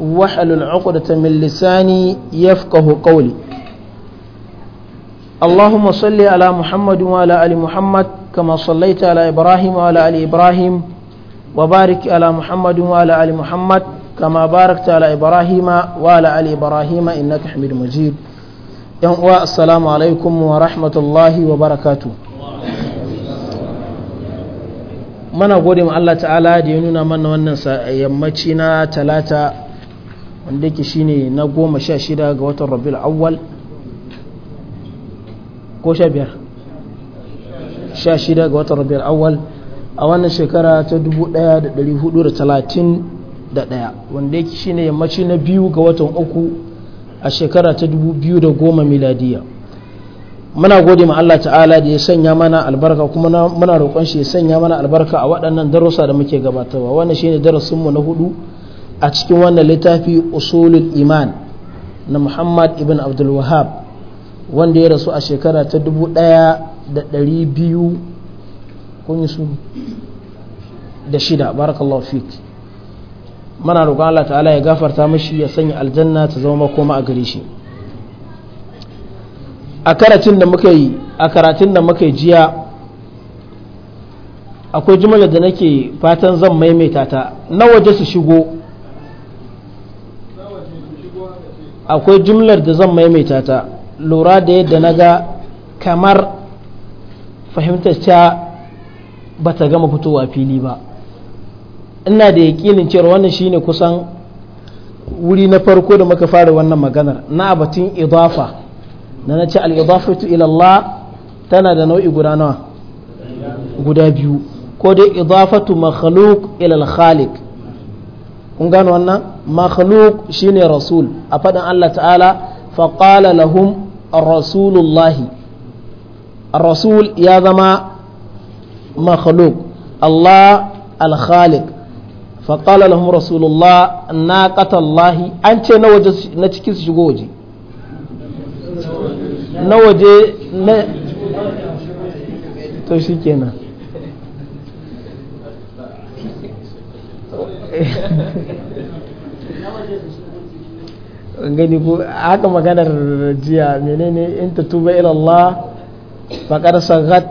واحلل عقدة من لساني يفقه قولي اللهم صل على محمد وعلى آل محمد كما صليت على إبراهيم وعلى آل إبراهيم وبارك على محمد وعلى آل محمد كما باركت على إبراهيم وعلى آل إبراهيم إنك حميد مجيد السلام عليكم ورحمة الله وبركاته mana gode ma Allah ta'ala da ya nuna mana wannan yammaci na talata wanda yake shine na goma sha shida ga watan rabiul awwal ko sha biyar sha shida ga watan rabiul awwal a wannan shekara ta 1431 wanda yake shine yammaci na biyu ga watan uku a shekara ta 2010 miladiya muna gode ma Allah ta'ala da ya sanya mana albarka kuma muna roƙon shi ya sanya mana albarka a waɗannan darussa da muke gabatarwa wannan shine darasinmu na hudu a cikin wannan littafi usulul iman na muhammad ibn abdul wahab wanda ya rasu a shekara ta 1200 kun yi su da shida barakallahu fik mana roƙon Allah ta'ala ya gafarta mashi ya sanya aljanna ta zama makoma a gare shi a karatun da muka yi a karatun da muka jiya akwai jimalar da nake fatan zan maimaita ta na waje su shigo akwai jumlar da zan maimaita ta lura da yadda na ga kamar fahimtar ta ba ta gama fitowa fili ba ina da yakinin cewa wannan shine kusan wuri na farko da muka fara wannan maganar na abatin idafa na na ce al-idafatu ila tana da nau'i guda nawa guda biyu ko dai idafatu makhluq ila khaliq kun gano wannan makhluk shine rasul a faɗin Allah ta'ala faƙala lahum rasulullahi rasul ya zama makhluk Allah al-khaliq faƙala lahum rasulullah na ƙatallahi an ce na waje na cikin su shigo waje na waje na to shi kenan gani ku haka maganar jiya menene in ta tuba ila Allah faqad sagat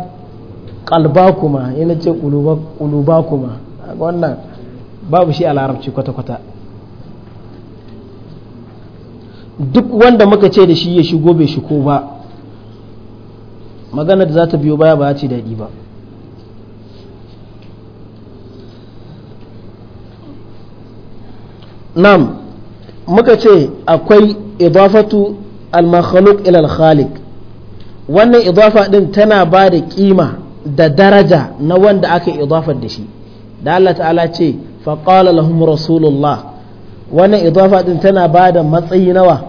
kuma yana ce kuma wannan babu shi a larabci kwata kwata duk wanda muka ce da shi ya shigo bai shigo ba maganar da za ta biyo baya ba ce daɗi ba nam muka ce akwai idafatu al-makhluq khaliq wannan idafa ɗin tana ba da kima da daraja na wanda aka idafar da shi da Allah ta'ala ce faqala lahum rasulullah wannan idafa ɗin tana ba da matsayi nawa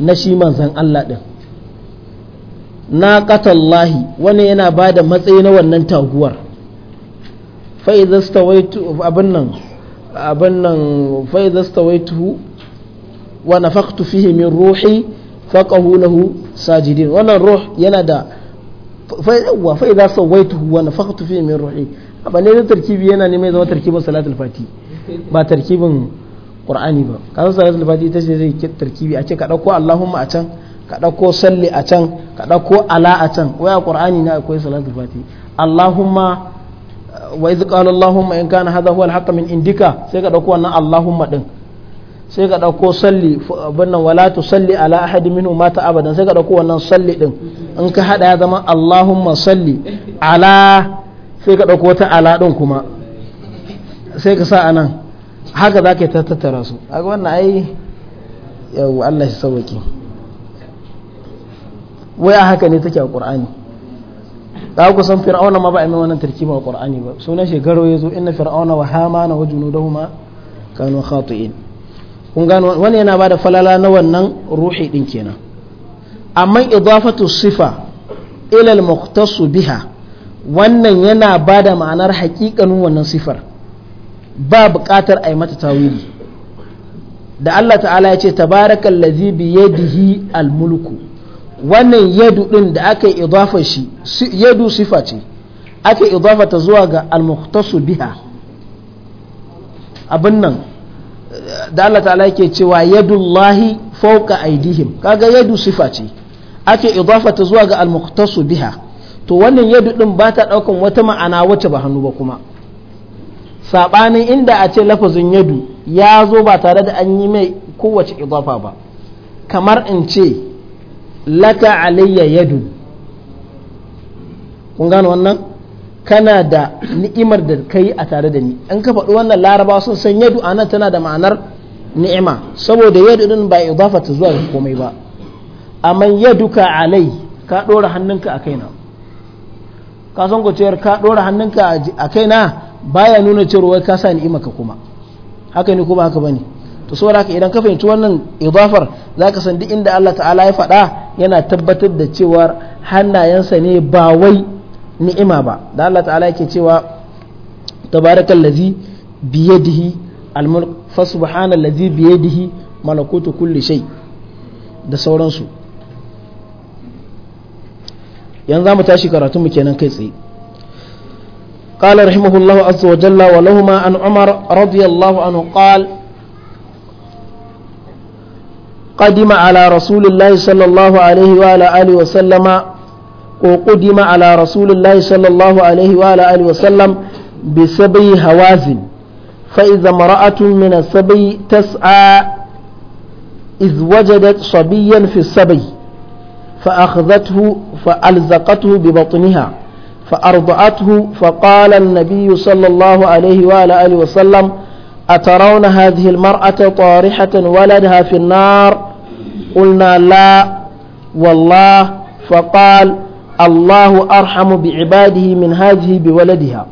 na shi manzon Allah ɗin? na qatallahi wannan yana ba da matsayi na wannan taguwar fa idza stawaitu abin nan abin nan fa'iza stawaituhu wa faktu fihe min ruhi faqahu lahu sajidin wannan ruh yana da wa fa'iza stawaituhu wa faktu fihe min ruhi a ne da tarkibi yana ne mai zama tarkibin salatul fati ba tarkibin qur'ani ba kasan salatul fati ita ce zai tarkibi a ce ka dauko allahumma a can ka dauko salli a can ka dauko ala a can waya qur'ani na akwai salatul fati allahumma wa idh qala allahumma in kana hadha huwa alhaqq min indika sai ka dauko wannan allahumma din sai ka dauko salli abin nan wala tusalli ala ahad minhu mata abadan sai ka dauko wannan salli din in ka hada ya zama allahumma salli ala sai ka dauko ta ala din kuma sai ka sa anan haka zaka ta tattara su kaga wannan ai yau Allah shi sauki wai a haka ne take a Qur'ani za ku san fir'auna ma ba a yi wannan tarkiba a qur'ani ba sunan shekaru ya yazo inna fir'auna wa hamana wa junudahuma kanu khati'in kun gano wani yana bada falala na wannan ruhi din kenan amma idafatu sifa ila al biha wannan yana bada ma'anar haƙiƙanin wannan sifar ba buƙatar a yi mata tawili da Allah ta'ala ya ce tabarakallazi biyadihi al-mulku wannan yadu ɗin da aka yi idafa shi yadu sifa ce aka yi idafa zuwa ga al biha abin nan da Allah ta'ala yake cewa yadullahi fauka aidihim kaga yadu sifa ce ake idafa ta zuwa ga al biha to wannan yadu ɗin ba ta ɗaukan wata ma'ana wacce ba hannu ba kuma saɓanin inda a ce lafazin yadu ya zo ba tare da an yi mai kowace idafa ba kamar in ce laka alayya yadu kun gano wannan kana da ni'imar da kai a tare da ni an ka faɗi wannan laraba sun san yadu anan tana da ma'anar ni'ima saboda yadu din ba idafa ta zuwa ga komai ba amma yaduka alai ka ɗora hannunka a kaina ka san ko cewar ka ɗora hannunka a kaina baya nuna cewar wai ka sa ni'ima ka kuma haka ne ko ba haka bane to saboda haka idan ka fahimci wannan idafar zaka san duk inda Allah ta'ala ya faɗa yana tabbatar da cewa hannayensa ne ba wai ni'ima ba da Allah ta'ala yake cewa tabarakallazi biyadihi almulk fa subhanallazi biyadihi malakutu kulli shay da sauransu yanzu za mu tashi mu kenan kai tsaye قال رحمه الله عز وجل ولهما عن عمر رضي الله عنه قال قدم على رسول الله صلى الله عليه وعلى آله وسلم وقدم على رسول الله صلى الله عليه وعلى آله وسلم بسبي هوازن فإذا امرأة من السبي تسعى إذ وجدت صبيا في السبي فأخذته فألزقته ببطنها فأرضعته فقال النبي صلى الله عليه وعلى آله وسلم أترون هذه المرأة طارحة ولدها في النار قلنا لا والله فقال الله أرحم بعباده من هذه بولدها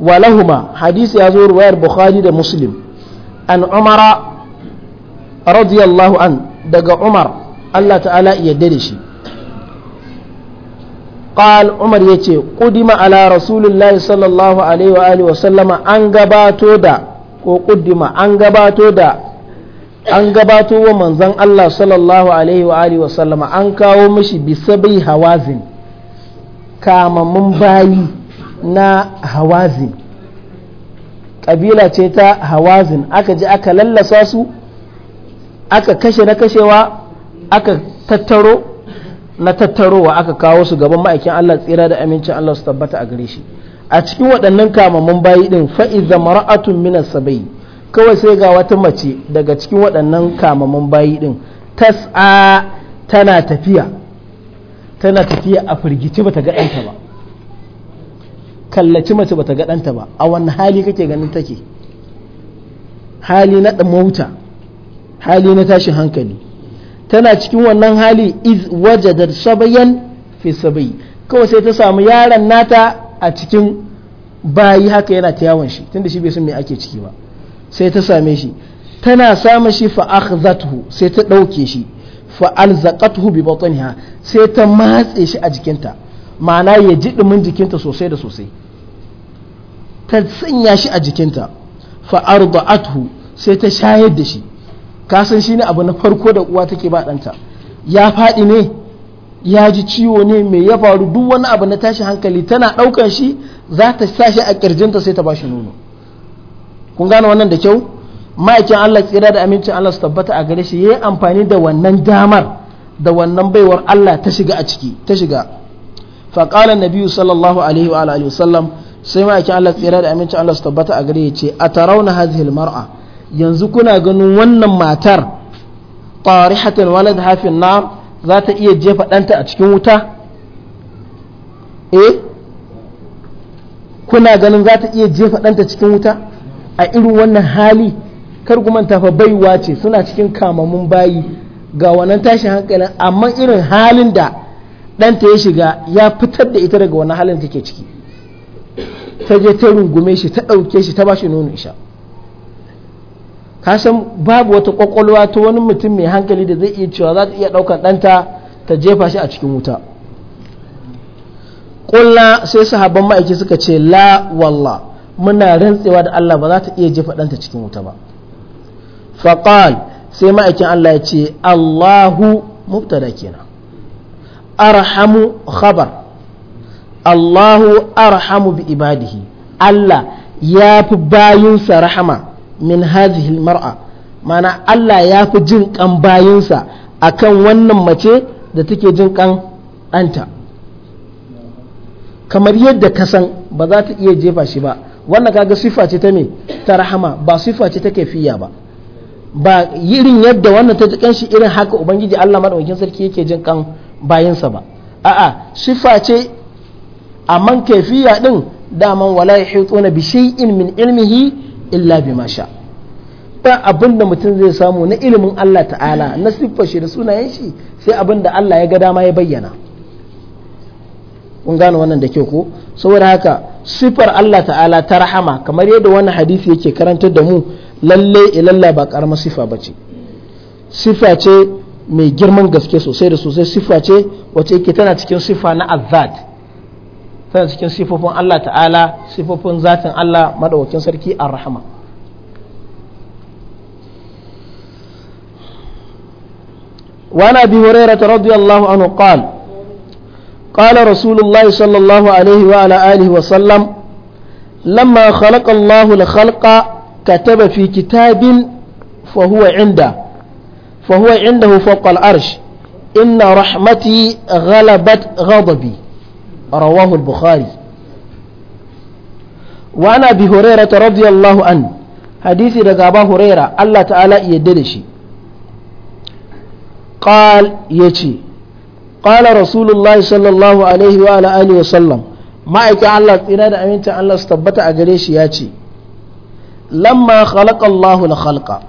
ولهما حديث يزور وير بخاري مسلم أن عمر رضي الله عنه دق عمر الله تعالى يدرشي قال عمر يتي قدم على رسول الله صلى الله عليه وآله وسلم أن قباتو دا وقدم أن قباتو دا an gabato wa manzan Allah sallallahu alaihi wa alihi sallama an kawo mishi bisabai hawazin kamammun bayi na hawazin ƙabila ce ta hawazin aka ji aka lallasa su aka kashe na kashewa aka tattaro na tattarowa aka kawo su gaban ma'aikin Allah tsira da amincin Allah su tabbata a gare shi a cikin waɗannan kamamin bayi ɗin fa'iza mara'atun minas sabai kawai sai ga wata mace daga cikin waɗannan kamaman bayi ɗin tas'a tana tafiya tana tafiya a firgici bata ga ɗanta ba kallaci mace bata ga ɗanta ba a wani hali kake ganin take hali na mauta hali na tashin hankali tana cikin wannan hali iz da sabayan fi sabai kawai sai ta samu yaron nata a cikin bayi haka yana ta yawon shi tunda shi bai san me ake ciki ba sai ta same shi tana samun shi fa sai ta dauke shi fa alzaqathu bi batniha sai ta matse shi a jikinta ma'ana ya ji dumin jikinta sosai da sosai ta sanya shi a jikinta fa arda'athu sai ta shayar da shi ka san shine abu na farko da uwa take ba danta ya faɗi ne ya ji ciwo ne mai ya faru duk wani abu na tashi hankali tana ɗaukan shi za ta sa shi a ƙirjinta sai ta ba shi nono kun gane wannan da kyau ma'aikin Allah tsira da amincin Allah su tabbata a gare shi yayi amfani da wannan damar da wannan baiwar Allah ta shiga a ciki ta shiga fa qala nabiyyu sallallahu alaihi wa alihi wasallam sai ma'aikin Allah tsira da amincin Allah su tabbata a gare yace atarawna hadhihi almar'a yanzu kuna ganin wannan matar tarihatan walad hafin nar za ta iya jefa ɗanta a cikin wuta eh kuna ganin za ta iya jefa ɗanta cikin wuta a irin wannan hali kar ku manta baiwa ce suna cikin kamamun bayi ga wannan tashin hankalin amma irin halin da ɗanta ya shiga ya fitar da ita daga wannan halin take ciki ta je ta rungume shi ta ɗauke shi ta bashi shi nono isha ka babu wata kwakwalwa ta wani mutum mai hankali da zai iya cewa za ta iya ɗaukar ɗanta ta jefa shi a cikin wuta ƙulla sai sahabban ma'aiki suka ce la wallah muna rantsewa da Allah ba za ta iya jefa ɗanta cikin wuta ba faqal sai ma'aikin Allah ya ce Allahu mubtada kenan arhamu khabar Allahu arhamu bi ibadihi Allah ya fi bayinsa rahama min hadhihi mar'a mana Allah ya fi jin kan bayinsa akan wannan mace da take jin kan ɗanta kamar yadda ka san ba za ta iya jefa shi ba wannan kaga sifa ce ta me ta rahama ba sifa ce ta kafiya ba ba irin yadda wannan ta jikan shi irin haka ubangiji Allah madaukakin sarki yake jin kan bayansa ba a'a sifa ce amma kafiya din daman wala yahituna bi shay'in min ilmihi illa bima sha ba abin da mutum zai samu na ilimin Allah ta'ala na siffar shi da sunayen shi sai abin da Allah ya ga dama ya bayyana kun gane wannan da kyau ko saboda haka sifar Allah ta'ala ta rahama kamar yadda wani hadisi yake karantar da mu lalle ilalla ba karama sifa bace ce sifa ce mai girman gaske sosai da sosai sifa ce wacce yake tana cikin sifa na azad tana cikin sifofin Allah ta'ala sifofin zatin Allah madawakin sarki arrahama rahama وعن ابي هريره رضي الله عنه قال قال رسول الله صلى الله عليه وعلى آله وسلم لما خلق الله الخلق كتب في كتاب فهو عنده فهو عنده فوق العرش إن رحمتي غلبت غضبي رواه البخاري وعن أبي هريرة رضي الله عنه حديث رجع أبا هريرة الله تعالى يدلشي قال يجي qala rasulullahi sallallahu alaihi wa ala wa sallam ma'aikin Allah tsira da amincin Allah su tabbata a gare shi ya ce lamma khalaqa Allahu la khalqa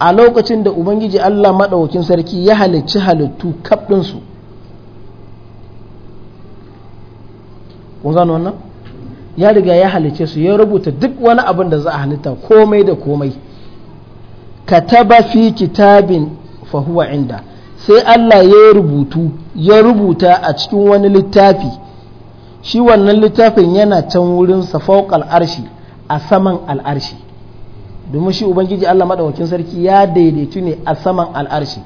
a lokacin da ubangiji Allah Maɗaukin sarki ya halicci halittu kaf ya riga ya halice su ya rubuta duk wani abun da za a halitta komai da komai Ka kataba fi kitabin fahuwa inda sai Allah ya rubutu ya rubuta a cikin wani littafi shi wannan littafin yana can wurin safauk al'arshi a saman al'arshi domin shi ubangiji Allah maɗaukakin sarki ya daidaitu ne a saman al'arshi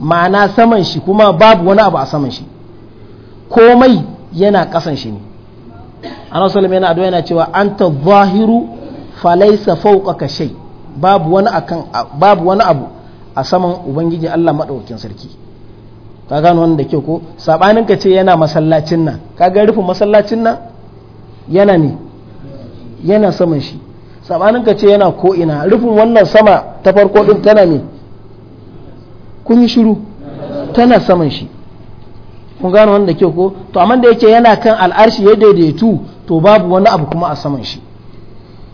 ma'ana saman shi kuma babu wani abu a saman shi komai yana ƙasan shi ne annabi yana addu'a yana cewa ta zahiru falaisa fawqaka babu babu wani abu a saman ubangiji Allah maɗaukakin sarki ka gano wannan da kyau ko sabanin ka ce yana masallacin nan ka ga rufin masallacin nan yana ne yana saman shi sabanin ka ce yana ko ina rufin wannan sama ta farko din tana ne kun yi shiru tana saman shi kun gano wanda ke ko to amma da yake yana kan al'arshi ya daidaitu to babu wani abu kuma a saman shi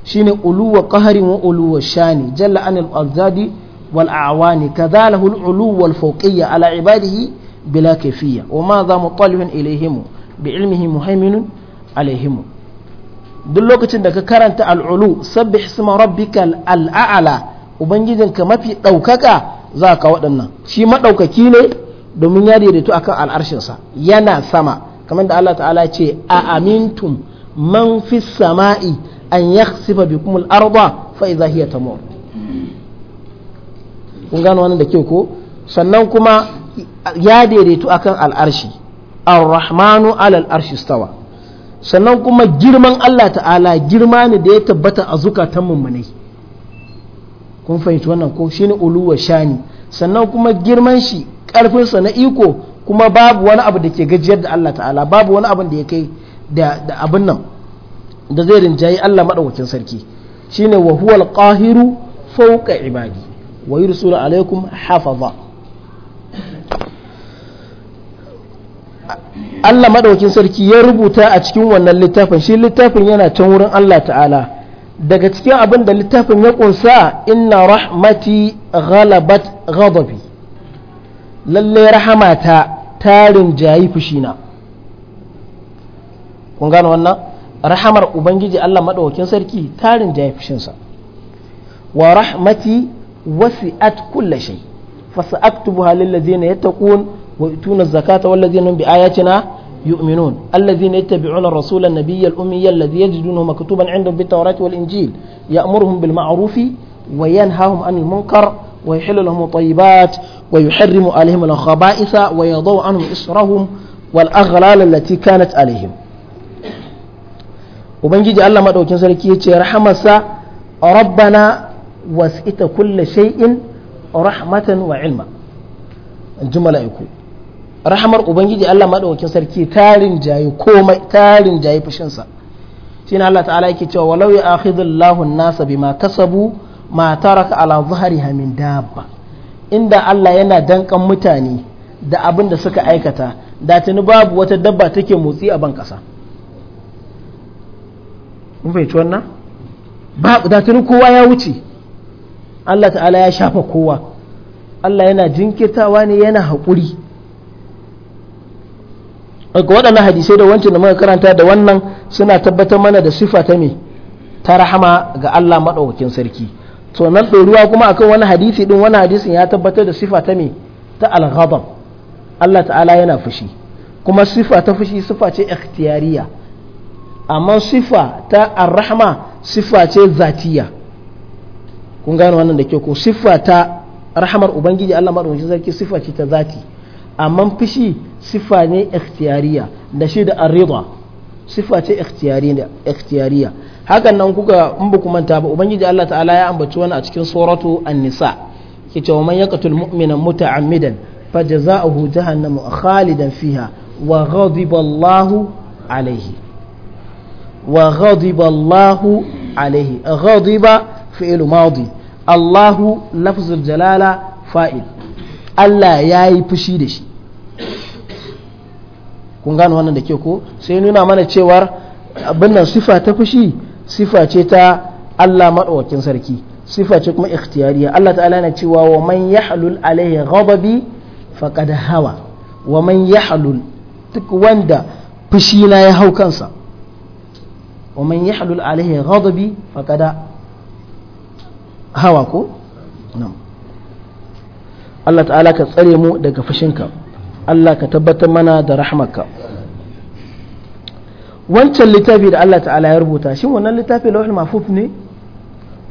shine uluwa qaharin wa uluwa shani jalla anil azadi wal والأعوان كذا له العلو والفوقية على عباده بلا كيفية وماذا مطالب إليهم بعلمه مهيمن alaihimu. duk lokacin da ka karanta al'ulu sabbi isma rabbika al'a'ala ubangijinka mafi ɗaukaka za ka waɗannan shi maɗaukaki ne domin ya daidaitu akan al'arshinsa yana sama kamar da Allah ta'ala ce a amintum man fi sama'i an yakhsifa bikum al-arda fa idza hiya tamur kun gano wannan da kyau ko sannan kuma ya daidaitu akan al'arshi ar-rahmanu alal arshi stawa sannan kuma girman Allah ta'ala girma ne da ya tabbata a zukatan mummunai kun fahimci wannan ko shine uluwa shani sannan kuma girman shi karfinsa na iko kuma babu wani abu da ke gajiyar da Allah ta'ala babu wani abu da ya kai da abin nan da zai rinjayi Allah maɗaukakin sarki shine wa huwal qahiru fawqa ibadi wa yursilu alaikum hafaza Allah madaukin sarki ya rubuta a cikin wannan littafin shi littafin yana can wurin Allah ta'ala daga cikin abin da littafin ya kunsa inna rahmati ghalabat ghadabi lalle rahamata tarin jayi fushina kun gano wannan rahamar ubangiji Allah madaukin sarki tarin jayi fushinsa wa rahmati وسئت كل شيء فسأكتبها للذين يتقون ويؤتون الزكاة والذين هم بآياتنا يؤمنون الذين يتبعون الرسول النبي الأمي الذي يجدونه مكتوبا عندهم بالتوراة والإنجيل يأمرهم بالمعروف وينهاهم عن المنكر ويحل لهم الطيبات ويحرم عليهم الخبائث ويضع عنهم إسرهم والأغلال التي كانت عليهم وبنجي الله ما دوكين سركي رحمة ربنا wasita kulle shay'in rahmatan wa ilma in ji mala'iku rahamar ubangiji Allah madaukakin sarki tarin jayi komai tarin jayi fushinsa shi ne Allah ta'ala yake cewa walau ya akhidullahu an-nasa bima kasabu ma taraka ala dhahriha min dabba inda Allah yana dankan mutane da abin da suka aikata da tuni babu wata dabba take motsi a ban kasa mun fahimci wannan babu da tuni kowa ya wuce Allah ta'ala ya shafa kowa Allah yana jinkirtawa ne yana haƙuri daga waɗannan hadisai da wancan da muka karanta da wannan suna tabbatar mana da sifa ta me ta rahama ga Allah maɗaukakin sarki to nan ɗoruwa kuma akan wani hadisi ɗin wani hadisin ya tabbatar da sifa ta me ta alghadab Allah ta'ala yana fushi kuma sifa ta fushi sifa ce ikhtiyariya amma sifa ta arrahma sifa ce zatiya kun gane wannan da ke ko siffa ta rahamar ubangiji Allah madaukakin sarki siffa ce ta zati amma fishi siffa ne ikhtiyariya da shi da arrida siffa ce ikhtiyariya hakan nan kuka in ba manta ba ubangiji Allah ta'ala ya ambaci wani a cikin suratu an-nisa ke cewa man yaqtul mu'mina muta'ammidan fajza'uhu jahannamu khalidan fiha wa ghadiba Allahu alayhi wa ghadiba Allahu alayhi ghadiba fi'il madi Allahu lafzul jalala fa'il Allah ya yi fushi da shi kun gano wannan da ke ko sai nuna mana cewar abin nan sifa ta fushi sifa ce ta Allah maɗaukakin sarki sifa ce kuma ikhtiyariya Allah ta'ala na cewa wa man yahlul alaihi ghadabi faqad hawa wa man yahlul duk wanda fushi na ya hau kansa wa man yahlul alaihi ghadabi faqad hawa ko Allah ta'ala ka tsare mu daga fushinka Allah ka tabbatar mana da rahmaka wancan littafi da Allah ta'ala ya rubuta shin wannan littafi lawhul mahfuz ne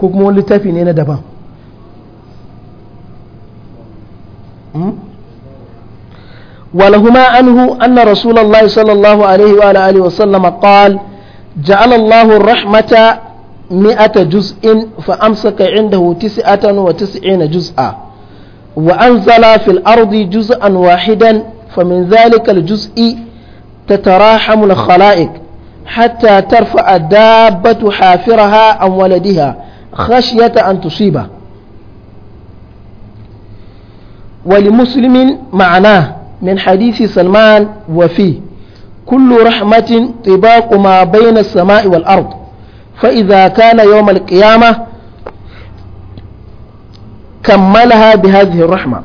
ko kuma wani littafi ne na daban ولهما عنه أن رسول الله صلى الله عليه وآله وسلم قال جعل الله الرحمة مئة جزء فأمسك عنده تسعة وتسعين جزءا وأنزل في الأرض جزءا واحدا فمن ذلك الجزء تتراحم الخلائق حتى ترفع الدابة حافرها عن ولدها خشية أن تصيبه ولمسلم معناه من حديث سلمان وفيه كل رحمة طباق ما بين السماء والأرض فإذا كان يوم القيامة كملها بهذه الرحمة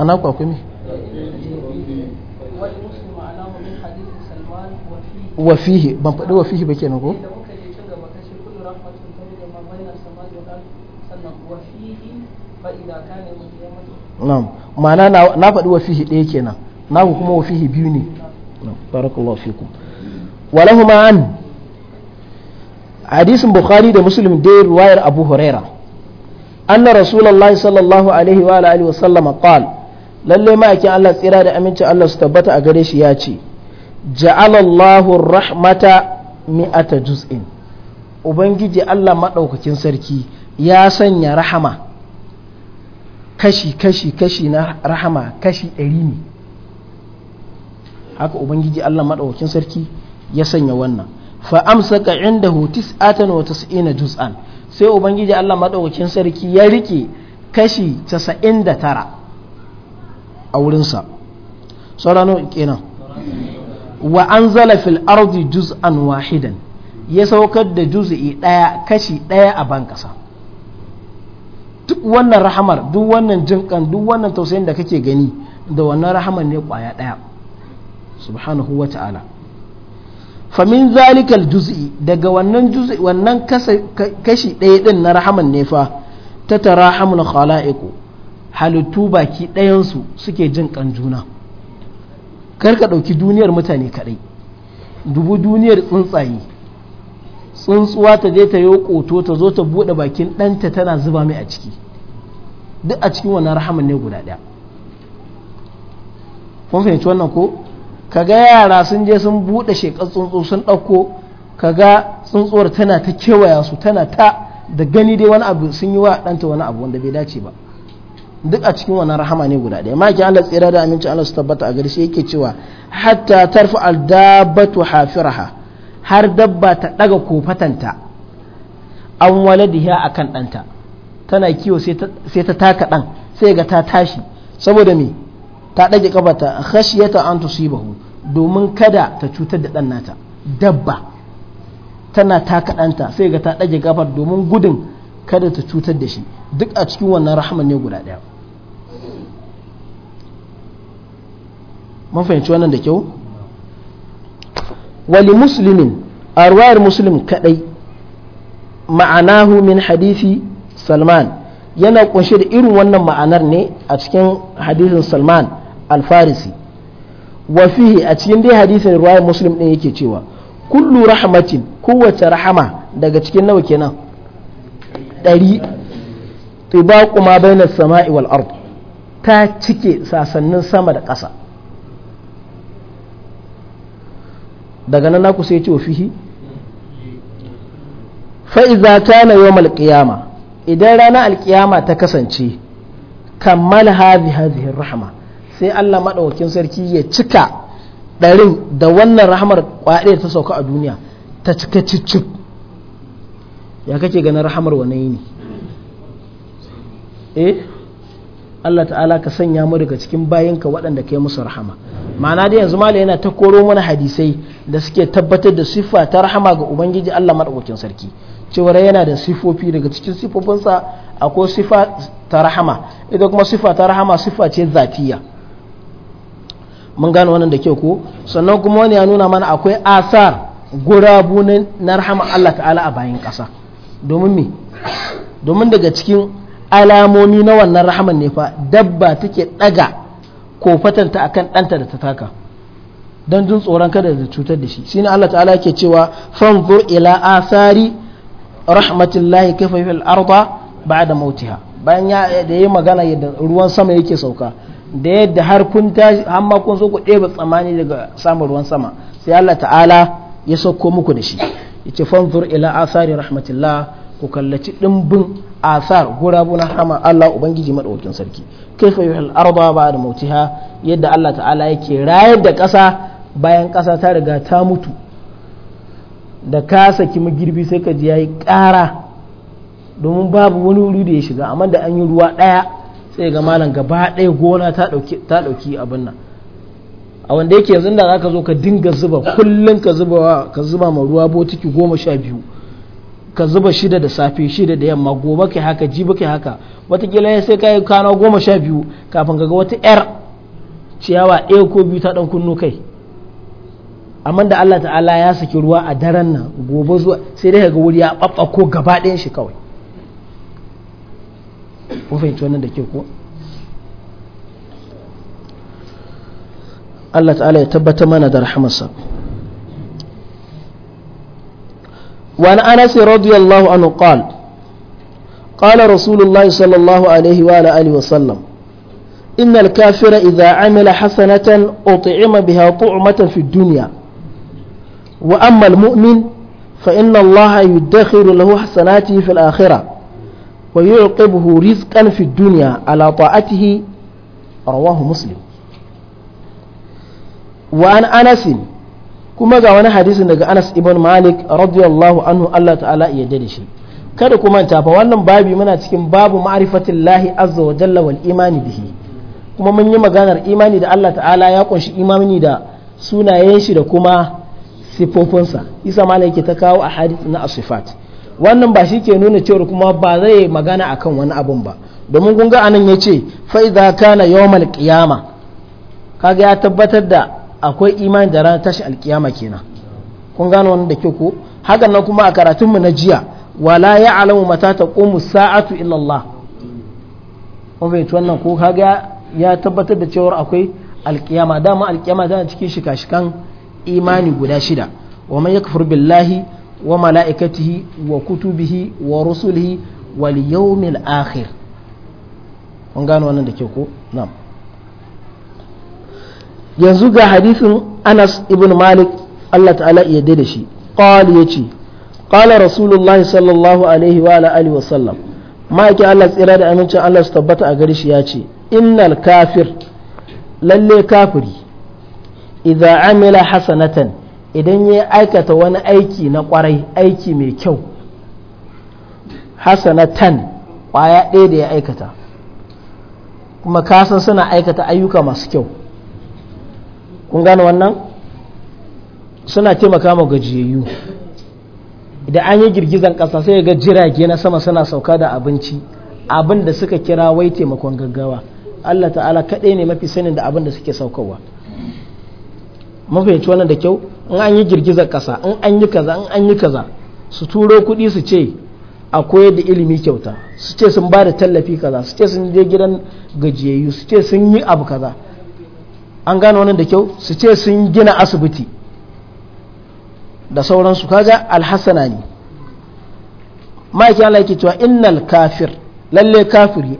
أنا أقول كمي وفيه ban faɗi وفيه ba kenan ko na'am ma'ana na faɗi wa fihi ɗaya kenan na ku kuma wa fihi biyu ne barakallahu fikum an hadisin bukhari da muslim dai ruwayar abu huraira anna rasulullahi sallallahu alaihi wa alihi wa sallama qal lalle ma'aikin Allah tsira da aminci Allah su tabbata a gare shi ya ce ja'alallahu rahmata mi'ata juz'in ubangiji Allah madaukakin sarki ya sanya rahama kashi kashi kashi na rahama kashi ɗari ne haka ubangiji allah maɗaukin sarki ya sanya wannan ka inda hotis atan wa tas'ina juz'an sai ubangiji allah maɗaukin sarki ya rike kashi casa'in da tara a wurinsa saurano kenan wa an zala fil ardi juz'an wahidan ya saukar da juz'i ɗaya kashi ɗaya a ban ƙasa duk wannan rahamar duk wannan jinkan duk wannan tausayin da kake gani da wannan rahamar ne kwaya daya subhanahu wa ta'ala famin zalikal juz'i daga wannan juz'i wannan kashi ɗaya din na rahaman ne fa ta tara khala'iqu halittu baki su suke jin juna kar ka ɗauki duniyar mutane kaɗai dubu duniyar tsuntsaye tsuntsuwa ta je ta yi koto ta zo ta buɗe bakin ɗanta tana zuba mai a ciki duk a cikin wannan rahaman ne guda ɗaya kun fahimci wannan ko kaga yara sun je sun buɗe shekar tsuntsu sun ɗauko kaga tsuntsuwar tana ta kewaya su tana ta da gani dai wani abu sun yi wa ɗanta wani abu wanda bai dace ba duk a cikin wannan rahama ne guda ɗaya maki Allah tsira da aminci Allah su tabbata a gari shi yake cewa hatta tarfa al-dabbatu hafiraha har dabba ta ɗaga kofatanta an a kan ɗanta tana kiwo sai ta taka ɗan sai ga ta tashi saboda me ta ɗage kabata khashiyata an tusibahu domin kada ta cutar da ɗan nata dabba tana taka ɗanta sai ga ta ɗage gabar domin gudun kada ta cutar da shi duk a cikin wannan rahman ne guda ɗaya mun fahimci wannan da kyau wali muslimin a ruwayar muslim kadai ma'anahu min hadithi salman yana kunshe da irin wannan ma'anar ne a cikin hadithin salman alfarisi wa fihi a cikin dai hadithin ruwayar muslim din yake cewa kullu rahmatin kowace rahama daga cikin nawa kenan ɗari tibaqu kuma bainas sama'i wal ta cike sasannin sama da ƙasa daga nan naku sai ce wa fihi fa iza kana idan rana alkiyama ta kasance kammal hadhi hadhihi rahma sai Allah maɗaukin sarki ya cika ɗarin da wannan rahmar kwaɗe ta sauka a duniya ta cika cicci ya kake ganin rahamar wane ne eh Allah ta'ala ka sanya mu daga cikin bayinka waɗanda kai musu rahama ma'ana dai yanzu malam yana ta koro mana hadisai da suke tabbatar da siffa ta rahama ga ubangiji Allah maɗaukakin sarki cewar yana da sifofi daga cikin sifofinsa akwai siffa ta rahama ita kuma siffa ta rahama siffa ce zatiya mun gano wannan da kyau ko sannan kuma wani ya nuna mana akwai asar gurabu na rahama Allah ta'ala a bayan ƙasa domin me domin daga cikin alamomi na wannan rahaman ne fa dabba take daga kofatanta akan ɗanta da ta taka don jin tsoron kada da cutar da shi shi ne Allah ta'ala yake cewa fanzur ila asari rahmatillahi kaifa fil arda ba'da mautiha bayan ya da yi magana yadda ruwan sama yake sauka da yadda har kun tashi har ma kun so ku ɗeba tsamani daga samun ruwan sama sai Allah ta'ala ya sauko muku da shi yace fanzur ila asari ku kallaci dimbin asar gurabu na hama Allah ubangiji maɗaukin sarki Kai fa yuhal arda ba'da mautiha yadda Allah ta'ala yake rayar da ƙasa bayan ƙasa ta riga ta mutu da ka saki magirbi sai ka ji yayi ƙara domin babu wani wuri da ya shiga amma da an yi ruwa ɗaya sai ga malam gaba ɗaya gona ta ɗauki ta abin nan a wanda yake yanzu da ka zo ka dinga zuba kullum ka zuba ka zuba ma ruwa botiki goma sha biyu ka zuba shida da safe shida da yamma gobe kai haka jibi kai haka watakila ya sai kayi kwana goma sha biyu kafin kaga wata yar ciyawa ɗaya ko biyu ta ɗan kunno kai amma da Allah ta'ala ya saki ruwa a daren nan gobe zuwa sai dai ga wuri ya ɓaɓɓa ko gaba ɗayan shi kawai fahimci wannan da ke ko Allah ta'ala ya tabbata mana da rahamarsa وعن أنس رضي الله عنه قال قال رسول الله صلى الله عليه وعلى آله وسلم إن الكافر إذا عمل حسنة أطعم بها طعمة في الدنيا وأما المؤمن فإن الله يدخر له حسناته في الآخرة ويعقبه رزقا في الدنيا على طاعته رواه مسلم وعن أنس kuma ga wani hadisin daga Anas ibn Malik radiyallahu anhu Allah ta'ala ya da shi kada kuma ta fa wannan babi muna cikin babu ma'rifatillahi azza wa jalla wal imani bihi kuma mun yi maganar imani da Allah ta'ala ya kunshi imani da sunayen shi da kuma sifofinsa isa malaike ta kawo a hadisi na asifat wannan ba shi ke nuna cewar kuma ba zai magana akan wani abun ba domin kun ga anan yace fa idza kana yawmal qiyama kaga ya tabbatar da akwai imani da ranar tashi alkiyama kenan kun gano wannan da ke ko hakan nan kuma a karatun mu na jiya wala ya alamu mata ta ƙumu sa'atu illallah kuma bai wannan ko kaga ya tabbatar da cewar akwai alkiyama dama alkiyama tana cikin shika-shikan imani guda shida wa man yakfur billahi wa mala'ikatihi wa kutubihi wa rusulihi wal yawmil akhir kun gano wannan da ke ko na'am yanzu ga hadisin Anas ibn Malik Allah ta'ala ya da shi ya yace qala rasulullahi sallallahu alaihi wa ala alihi wa sallam ma'aiki Allah tsira da amincin Allah su tabbata a gare shi ya ce innal kafir lalle kafiri idza amila hasanatan idan ya aikata wani aiki na kwarai aiki mai kyau hasanatan kwaya ɗaya da ya aikata kuma kasan suna aikata ayyuka masu kyau kun gane wannan suna taimaka ma gajiyayyu Da an yi girgizan ƙasa sai ga jirage na sama suna sauka da abinci abin da suka kira wai taimakon gaggawa Allah ta'ala kaɗai ne mafi sanin da abin da suke saukowa mafahimci wannan da kyau in an yi girgizar ƙasa in an yi kaza in an yi kaza su turo kuɗi su ce a koyar da ilimi kyauta su ce sun ba da tallafi kaza su ce sun je gidan gajiyayyu su ce sun yi abu kaza an gano wannan da kyau su ce sun gina asibiti da sauransu kaga alhassana ne ma'aikin Allah yake cewa innal kafir lalle kafiri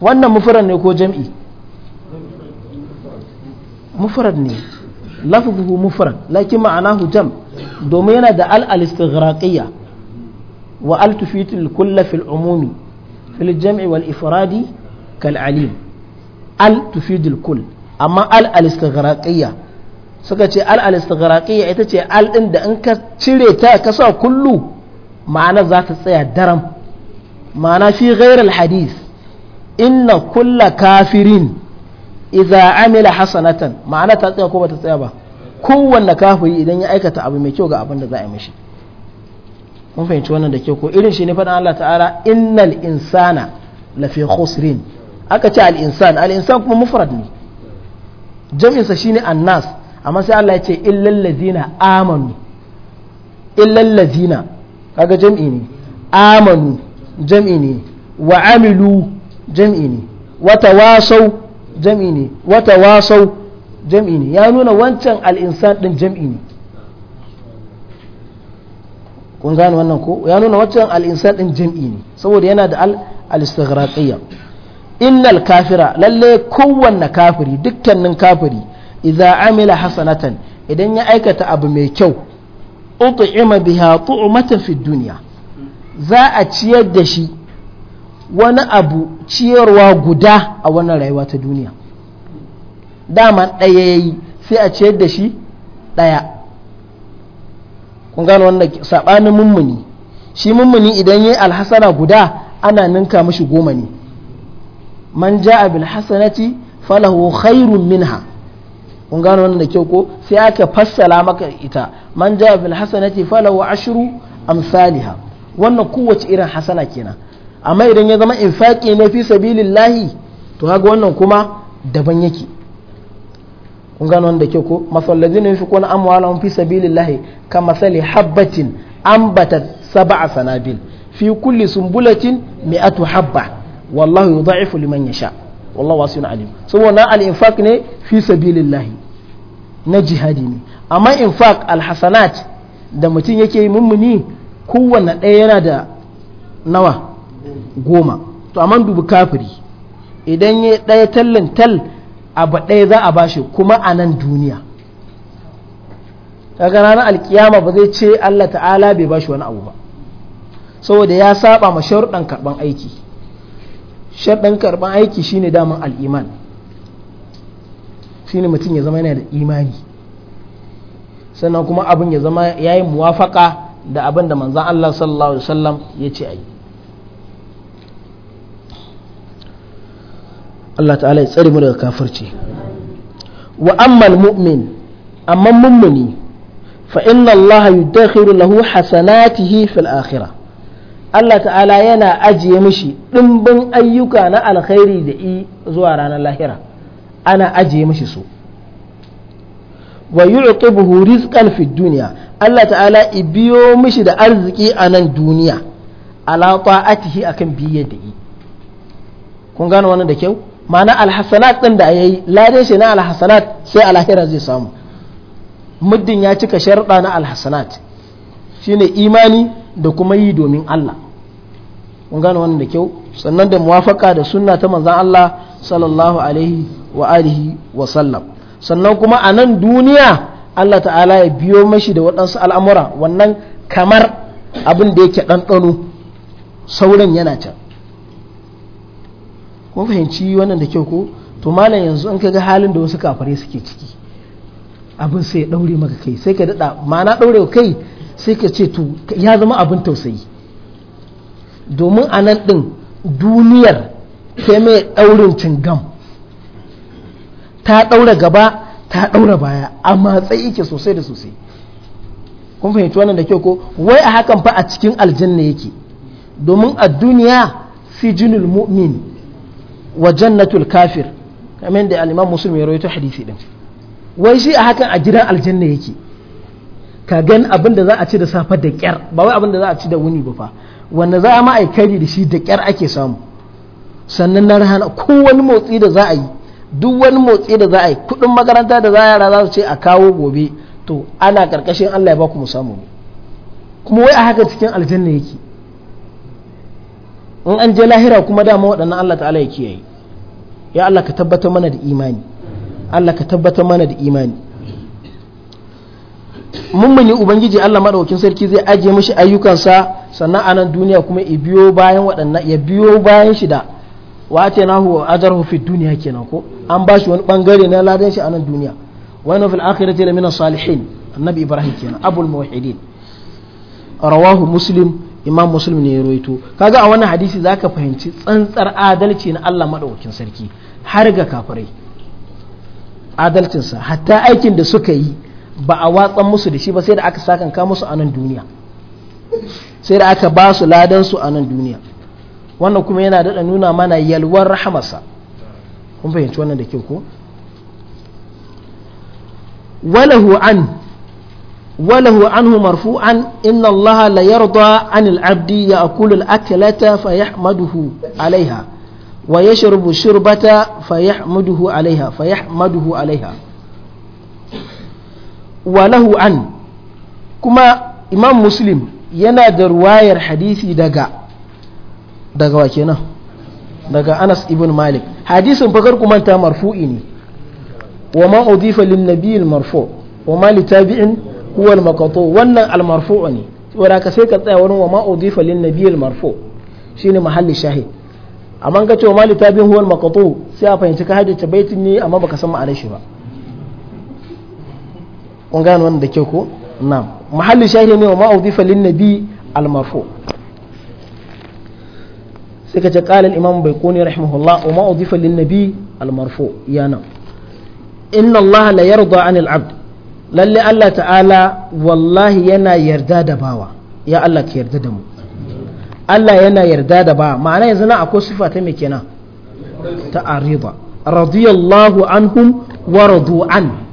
wannan mufarar ne ko jam'i mufarar ne lafuhu mufarar lakin ma'anahu jam domin yana da al-istighraqiyya wa al kulla fil umumi fil jam'i wal ifradi kal alim al-tufidul kull amma al alistagharaƙiyya suka ce al alistagharaƙiyya ita ce al ɗin da in ka cire ta ka sa kullu ma'ana za ta tsaya daram ma'ana fi ghairil hadis inna kulla kafirin idza amila hasanatan ma'ana ta tsaya ko ba ta tsaya ba kowanne kafiri idan ya aikata abu mai kyau ga abin da za a yi mishi mun fahimci wannan da kyau ko irin shi ne faɗin Allah ta'ala innal insana lafi khusrin aka ce al insan al insan kuma mufrad ne jami'insa ne annas amma sai Allah ya ce illallazina amanu illallazina kaga jami'i ne amanu jami'i ne wa amilu jami'i ne Wata wasau. jami'i ne Wata wasau. jami'i ne ya nuna wancan al'insan ɗin din jami'i ne kun gane wannan ko ya nuna wancan al'insan ɗin din jami'i ne saboda yana da al-istighraqiyya innal kafira lalle kowanne kafiri dukkanin kafiri idza amila hasanatan idan ya aikata abu mai kyau ut'ima biha tu'matan fi dunya za a ciyar da shi wani abu ciyarwa guda a wannan rayuwa ta duniya dama ɗaya yayi sai a ciyar da shi ɗaya kun gano wannan saɓanin mummuni shi mummuni idan ya yi alhasana guda ana ninka mashi goma ne man ja'a bil hasanati falahu khairun minha kun gano wannan da kyau ko sai aka fassala maka ita man ja'a bil hasanati falahu ashru amsalha wannan kowace irin hasana kenan amma idan ya zama infaqi ne fi sabilillahi to haka wannan kuma daban yake kun gano wannan da kyau ko masal ladina yunfiquna amwalahum fi sabilillahi kamathali habatin ambatat sab'a sanabil fi kulli sumbulatin mi'atu habba wallahu yudha'ifu liman yasha wallahu wasi'un alim saboda al-infaq ne fi sabilillahi na jihadi ne amma infaq alhasanat da mutum yake yi mummuni kowanne ɗaya yana da nawa goma to amma dubi kafiri idan ya ɗaya tallin tal abu ɗaya za a bashi kuma a nan duniya kaga ranar alkiyama ba zai ce Allah ta'ala bai bashi wani abu ba saboda ya saba ma sharuɗan karɓan aiki sharɗan karɓan aiki shine daman al'iman shine mutum ya zama yana da imani sannan kuma abin ya zama ya yi muwafaka da abin da manzan Allah sallallahu alaihi wasallam ya ce a yi Allah ta'ala ya tsare mu daga kafirce wa ammal mu'min amma mummuni fa inna Allah yudakhiru lahu hasanatihi fil akhirah Allah ta'ala yana ajiye mishi ɗimbin ayyuka na alkhairi da i zuwa ranar lahira ana ajiye mishi su wa yu'tibuhu rizqan fid dunya Allah ta'ala ibiyo mishi da arziki a nan duniya ala ta'atihi akan biyu da i kun gano wannan da kyau ma'ana alhasanat ɗin da yayi ladai shi na alhasanat sai a lahira zai samu muddin ya cika sharuɗa na alhassanat shine imani da kuma yi domin Allah mun gane wannan da kyau sannan da muwafaka da sunna ta manzan Allah sallallahu alaihi wa alihi wa sallam sannan kuma a nan duniya Allah ta'ala ya biyo mashi da waɗansu al'amura wannan kamar abin da yake ɗanɗano sauran yana can kun fahimci wannan da kyau ko to malam yanzu an ga halin da wasu kafare suke ciki abin sai ya ɗaure maka kai sai ka daɗa ma'ana ɗaure kai sai ka ce to ya zama abin tausayi domin a nan ɗin duniyar ta mai ɗaurin cingam ta ɗaura gaba ta ɗaura baya a matsayi yake sosai da sosai kun fahimci wannan da kyau ko wai a hakan fa a cikin aljanna yake domin a duniya fi jinul mu'min wa jannatul kafir kamar da aliman musulmi ya rawaito hadisi ɗin wai shi a hakan a gidan aljanna yake ka gan abin da za a ci da safar da kyar ba wai abin da za a ci da wuni ba fa wanda za a ma'aikari da shi da kyar ake samu sannan na rahana ko wani motsi da za a yi duk wani motsi da za a yi kudin makaranta da za a yara za su ce a kawo gobe to ana karkashin Allah ya ba ku mu samu kuma wai a haka cikin aljanna yake in an je lahira kuma dama waɗannan Allah ta'ala ya kiyaye ya Allah ka tabbatar mana da imani Allah ka tabbatar mana da imani mummuni ubangiji Allah madaukin sarki zai aje mishi ayyukansa sannan a nan duniya kuma ya biyo bayan waɗannan ya biyo bayan shi da wace na hu ajarhu hufi duniya kenan ko an ba shi wani bangare na ladan shi a nan duniya wa inna fil akhirati la salihin annabi ibrahim kenan abul muwahhidin rawahu muslim imam muslim ne ya roito kaga a wannan hadisi zaka fahimci tsantsar adalci na Allah madaukakin sarki har ga kafirai adalcinsa hatta aikin da suka yi ba a watsan musu da shi ba sai da aka sakanka musu a nan duniya sai da aka ba su ladansu a nan duniya wannan kuma yana daɗa nuna mana yalwar rahamarsa kun fahimci wannan da kyau ko walahu an walahu anhu marfu'an inna allaha la yarda anil abdi ya'kulu al aklata fa yahmaduhu alaiha wa yashrubu shurbata fa yahmaduhu alaiha fa yahmaduhu walahu an kuma imam muslim yana da ruwayar hadisi daga daga wa kenan daga Anas ibn Malik hadisin fakar kuma ta marfu'i ne wa ma udifa lin nabiyil marfu wa ma li tabi'in huwa al maqtu wannan al marfu ne wanda ka sai ka tsaya wurin wa ma udifa lin nabiyil marfu shine mahalli shahid amma ka ce wa ma li tabi'in huwa al maqtu sai a fahimci ka haddace baitin ne amma baka san ma'anar shi ba kun gane wannan da kyau ko na'am mahallu shahidi ne wa ma'udifa lin nabi al-marfu sai ka ce qala al-imam bayquni rahimahullah wa ma'udifa lin nabi al-marfu ya la yarda 'an al-'abd lalle Allah ta'ala wallahi yana yarda da bawa ya Allah yarda da mu Allah yana yarda da bawa ma'ana yanzu na akwai sifa ta me kenan ta arida radiyallahu anhum wa radu an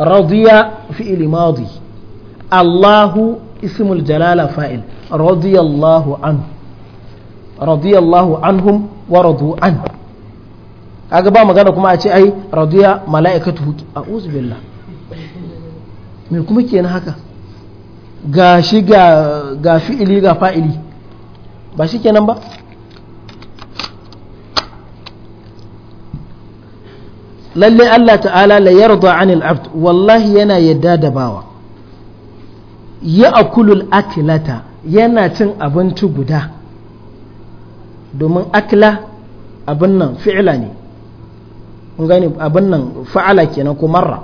radiya fi'il madi Allahu ismul jalala fa'il radiyallahu anhu radiyallahu anhum wa radu an ba magana kuma a ce ai radiya mala'ikatu a'udzu me kuma kenan haka ga shi ga fi'ili ga fa'ili ba shi kenan ba lalle Allah ta'ala la yarda anil abd wallahi yana yadda da bawa ya akulul akilata yana cin abinci guda domin akila abin nan fi'ila ne gani abin nan fa'ala kenan ko marra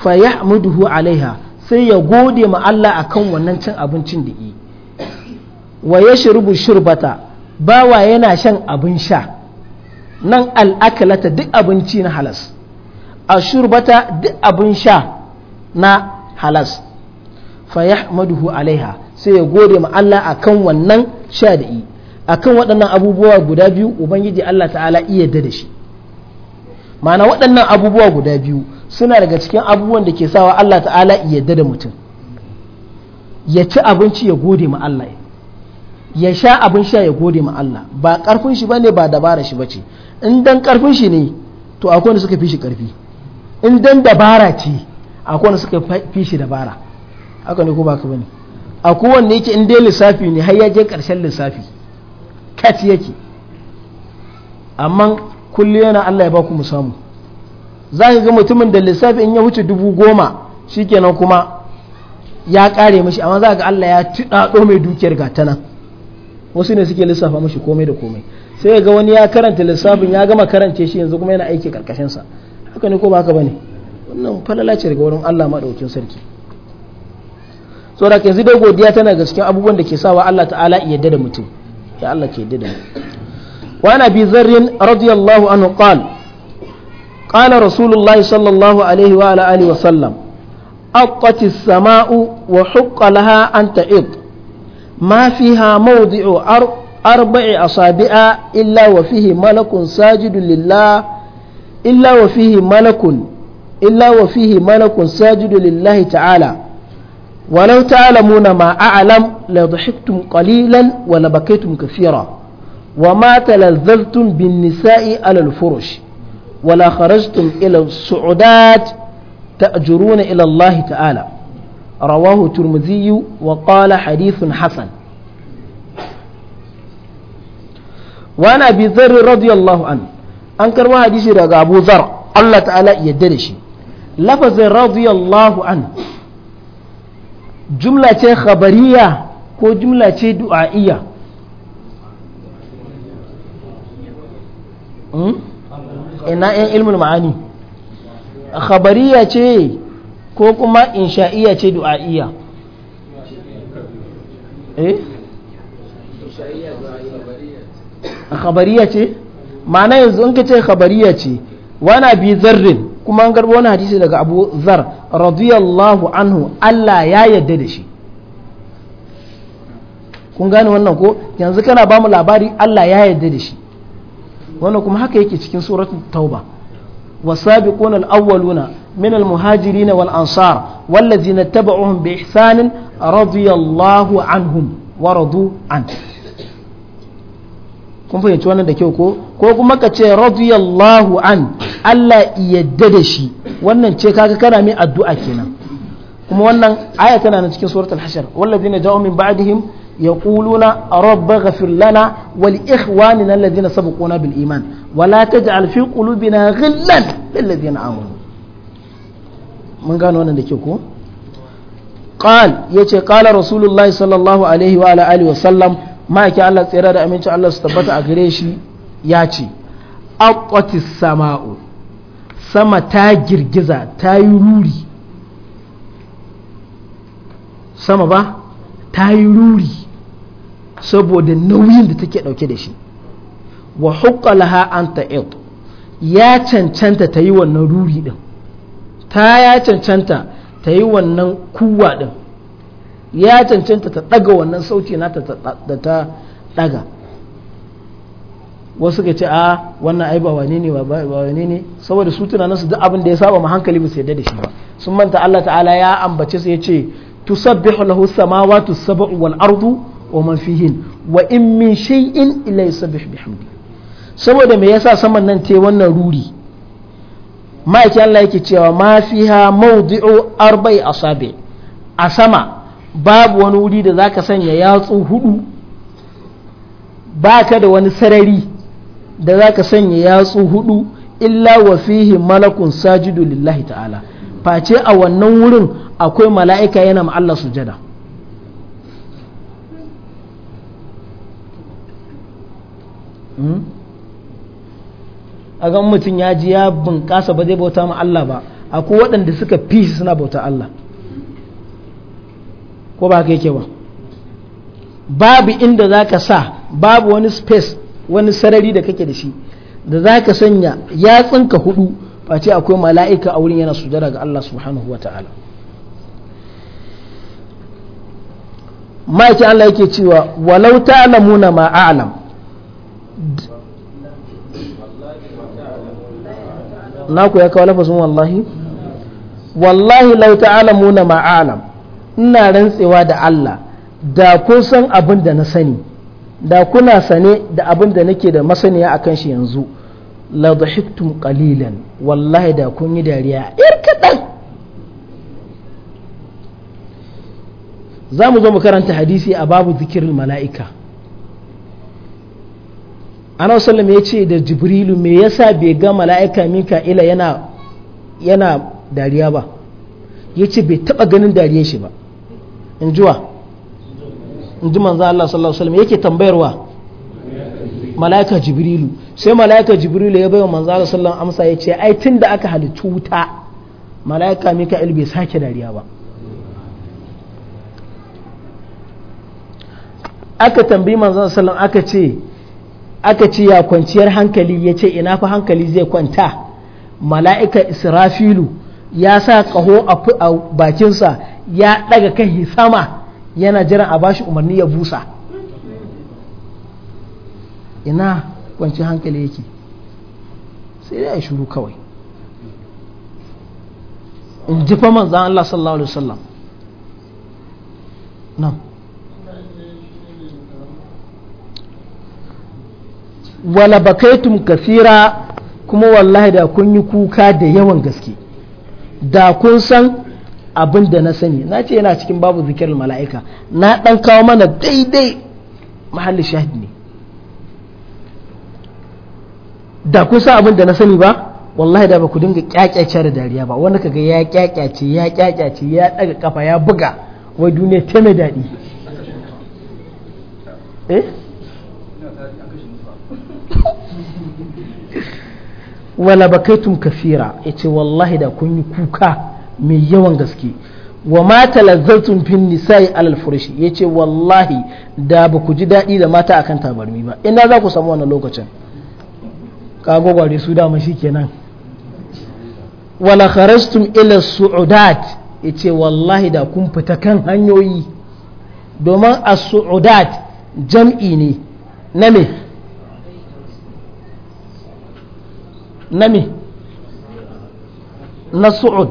fa alaiha sai ya gode ma Allah akan wannan cin abincin da yi wa shurbata bawa yana shan abin sha nan al'akalata duk abinci na halas a shurbata duk abin sha na halas fa maduhu alaiha sai ya gode ma Allah akan wannan sha da yi akan waɗannan abubuwa guda biyu ubangiji Allah ta'ala iya da shi ma'ana waɗannan abubuwa guda biyu suna daga cikin abubuwan da ke sawa Allah ta'ala iya da mutum ya ci abinci ya gode ma Allah ya sha abin sha ya gode ma Allah ba ƙarfin shi ne ba dabara shi bace in dan karfin shi ne to akwai wanda suka fi shi karfi in dan dabara ce akwai wanda suka fi shi dabara haka ne ko ba ka bane akwai wanda yake in dai lissafi ne har ya je karshen lissafi kat yake amma kullum yana Allah ya ba ku mu samu za ka ga mutumin da lissafi in ya wuce dubu goma shikenan kuma ya kare mashi amma za ga Allah ya tuɗaɗo mai dukiyar gata nan wasu ne suke lissafa mashi komai da komai sai ga wani ya karanta lissafin ya gama karance shi yanzu kuma yana aiki karkashin sa haka ne ko ba haka bane wannan falala ce daga wurin Allah madaukakin sarki saboda yanzu dai godiya tana ga cikin abubuwan da ke sawa Allah ta'ala ya yarda da mutum ya Allah ke yarda da mu wa ana bi zarrin radiyallahu anhu qala alaihi wa ala alihi wa sallam aqati as-sama'u wa huqqa laha لها أن ma fiha mawdi'u موضع أربع أصابع إلا وفيه ملك ساجد لله إلا وفيه ملك إلا وفيه ملك ساجد لله تعالى ولو تعلمون ما أعلم لضحكتم قليلا ولبكيتم كثيرا وما تلذذتم بالنساء على الفرش ولا خرجتم إلى السعودات تأجرون إلى الله تعالى رواه الترمذي وقال حديث حسن wa na bi zar radiyallahu an an karba hadisi daga abu zar Allah ta'ala yadda dare shi lafazin radiyallahu an jumla ce khabariya ko jumla ce du'a'iyya ina yan ilmul ma'ani khabariya ce ko kuma insha'iya ce du'a'iyya eh khabariya ce ma'ana yanzu in ka ce khabariya ce wani abi zarrin kuma an garba wani hadisi daga abu zar radiyallahu anhu Allah ya yadda da shi kun gane wannan ko yanzu kana bamu labari Allah ya yarda da shi wannan kuma haka yake cikin suratul tauba والسابقون الأولون من المهاجرين والأنصار والذين اتبعوهم بإحسان رضي الله عنهم ورضوا عنه kun fahimci wannan da kyau ko ko kuma ka ce radiyallahu an Allah yadda da shi wannan ce kaga kana mai addu'a kenan kuma wannan aya tana nan cikin suratul hashar walladina ja'u min ba'dihim yaquluna rabba ghafir lana wal ikhwanina alladhina sabaquna bil iman wala taj'al fi qulubina ghillan lil ladina amanu mun gano wannan da kyau ko قال يتي قال رسول الله صلى الله عليه وعلى wa sallam. ma'aikin Allah tsira da aminci Allah su tabbata a gare shi ya ce aqwatis sama'u sama ta girgiza ta yi ruri sama ba ta yi ruri saboda nauyin da take dauke da shi wa huqqalaha an ta'id ya cancanta ta yi wannan ruri din ta ya cancanta ta yi wannan kuwa din ya cancanta ta daga wannan sauti nata da ta daga wasu ga ce a wannan ai ba wane ne ba wane ne saboda su tunanin su duk abin da ya saba ma hankali ba su yadda da shi ba sun manta Allah ta'ala ya ambace su yace tusabbihu lahu samawati sab'u wal ardu wa man fihin wa in min shay'in illa yusabbihu bihamdi saboda me yasa saman nan te wannan ruri ma'aikin Allah yake cewa ma fiha mawdi'u arba'i asabi a sama babu wani wuri da za ka sanya yatsu hudu ba ka da wani sarari da za ka sanya yatsu hudu illa wa fihi malakun sajidu lillahi ta'ala face a wannan wurin akwai mala'ika yana ma Allah sujada hmm? a ga mutum ya ji ya bunƙasa ba zai bauta ma Allah ba akwai waɗanda suka fi suna bauta Allah ko ba ka yake ba babu inda za ka sa babu wani space wani sarari da kake da shi da za ka sanya yatsunka hudu face akwai mala'ika a wurin yana sujada ga Allah subhanahu wa ta'ala ma'aikin Allah yake cewa walau ta'lamuna ma a'lam ku ya kawo lafazin wallahi wallahi lau ta'lamuna ma a'lam ina rantsewa da Allah da kun san abin da na sani da kuna sane da abin da nake da masaniya akan shi yanzu la dhahiktum qalilan wallahi da kun yi dariya ir kadan za zo mu karanta hadisi a babu zikirin mala'ika ana sallam ya ce da jibrilu me yasa bai ga mala'ika ila yana yana dariya ba ya ce bai taba ganin dariyar shi ba injuwa jiwa in manzo Allah sallallahu alaihi wasallam yake tambayarwa malaika jibrilu sai malaika jibrilu ya bai wa manzo Allah sallallahu alaihi amsa ya ce ai tunda aka halittu wuta malaika mika'il bai sake dariya ba aka tambayi manzo sallallahu alaihi aka ce aka ce ya kwanciyar hankali ya ce ina fa hankali zai kwanta mala'ika israfilu ya sa ƙaho a bakinsa ya ɗaga kai sama yana jiran a bashi umarni ya busa ina kwanci hankali yake sai dai a shuru kawai in ji fa manzan Allah sallallahu alaihi wasallam nan wala bakaitum kasira kuma wallahi da kun yi kuka da yawan gaske da kun san abin da na sani na ce yana cikin babu zikirar mala'ika na ɗan kawo mana daidai mahallin shahid ne da kun san abin da na sani ba wallahi da ba ku dinga kyakyace da dariya ba wanda kaga ya kyakyace ya kyakyace ya ɗaga kafa ya buga wai duniya ta mai daɗi eh wala bakaitum kafira yace wallahi da kun yi kuka mai yawan gaske wa ma talazzaltum fin nisa'i alal ya yace wallahi da ba ku ji daɗi da mata akan tabarmi ba ina za ku samu wannan lokacin ka gwagware su dama kenan wala kharastum ila su'udat yace wallahi da kun fita kan hanyoyi domin as-su'udat jam'i ne na me na me na su'ud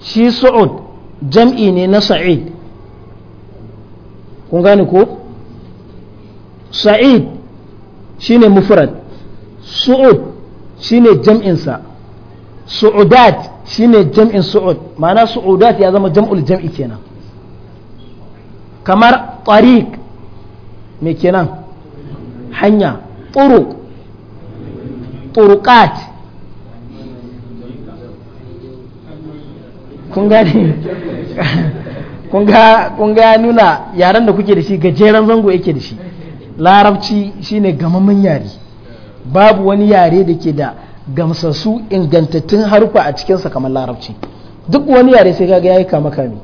shi su'ud jam'i ne na sa'id kun sa'id shine mufrad su'ud shine jam'insa su'udat shine jam'in su'ud ma'ana su'udat ya zama jam'ul jam'i kenan kamar tariq me kenan hanya turuq Ƙuruƙat kun ga nuna yaren da kuke da shi gajeren zango yake da shi larabci shine gamamin yare babu wani yare da ke da gamsassu ingantattun harkwa a cikinsa kamar larabci duk wani yare sai kaga yayi kama kame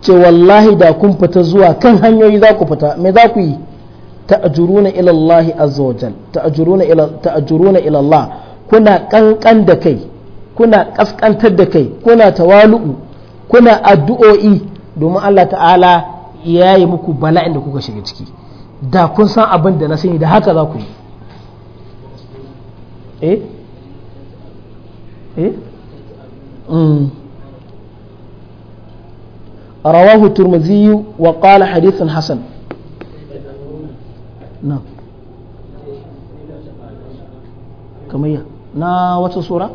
ce wallahi da kun fita zuwa kan hanyoyi za ku fita me za ku yi ta'juruna ila Allah azza wa ila ta'juruna kuna kankan da kai kuna kaskantar da kai kuna tawalu'u kuna addu'o'i domin Allah ta'ala ya yi muku bala'in da kuka shiga ciki da kun san abin da na sani da haka za ku yi eh eh mm. رواه الترمذي وقال na kamayya na wata tsora?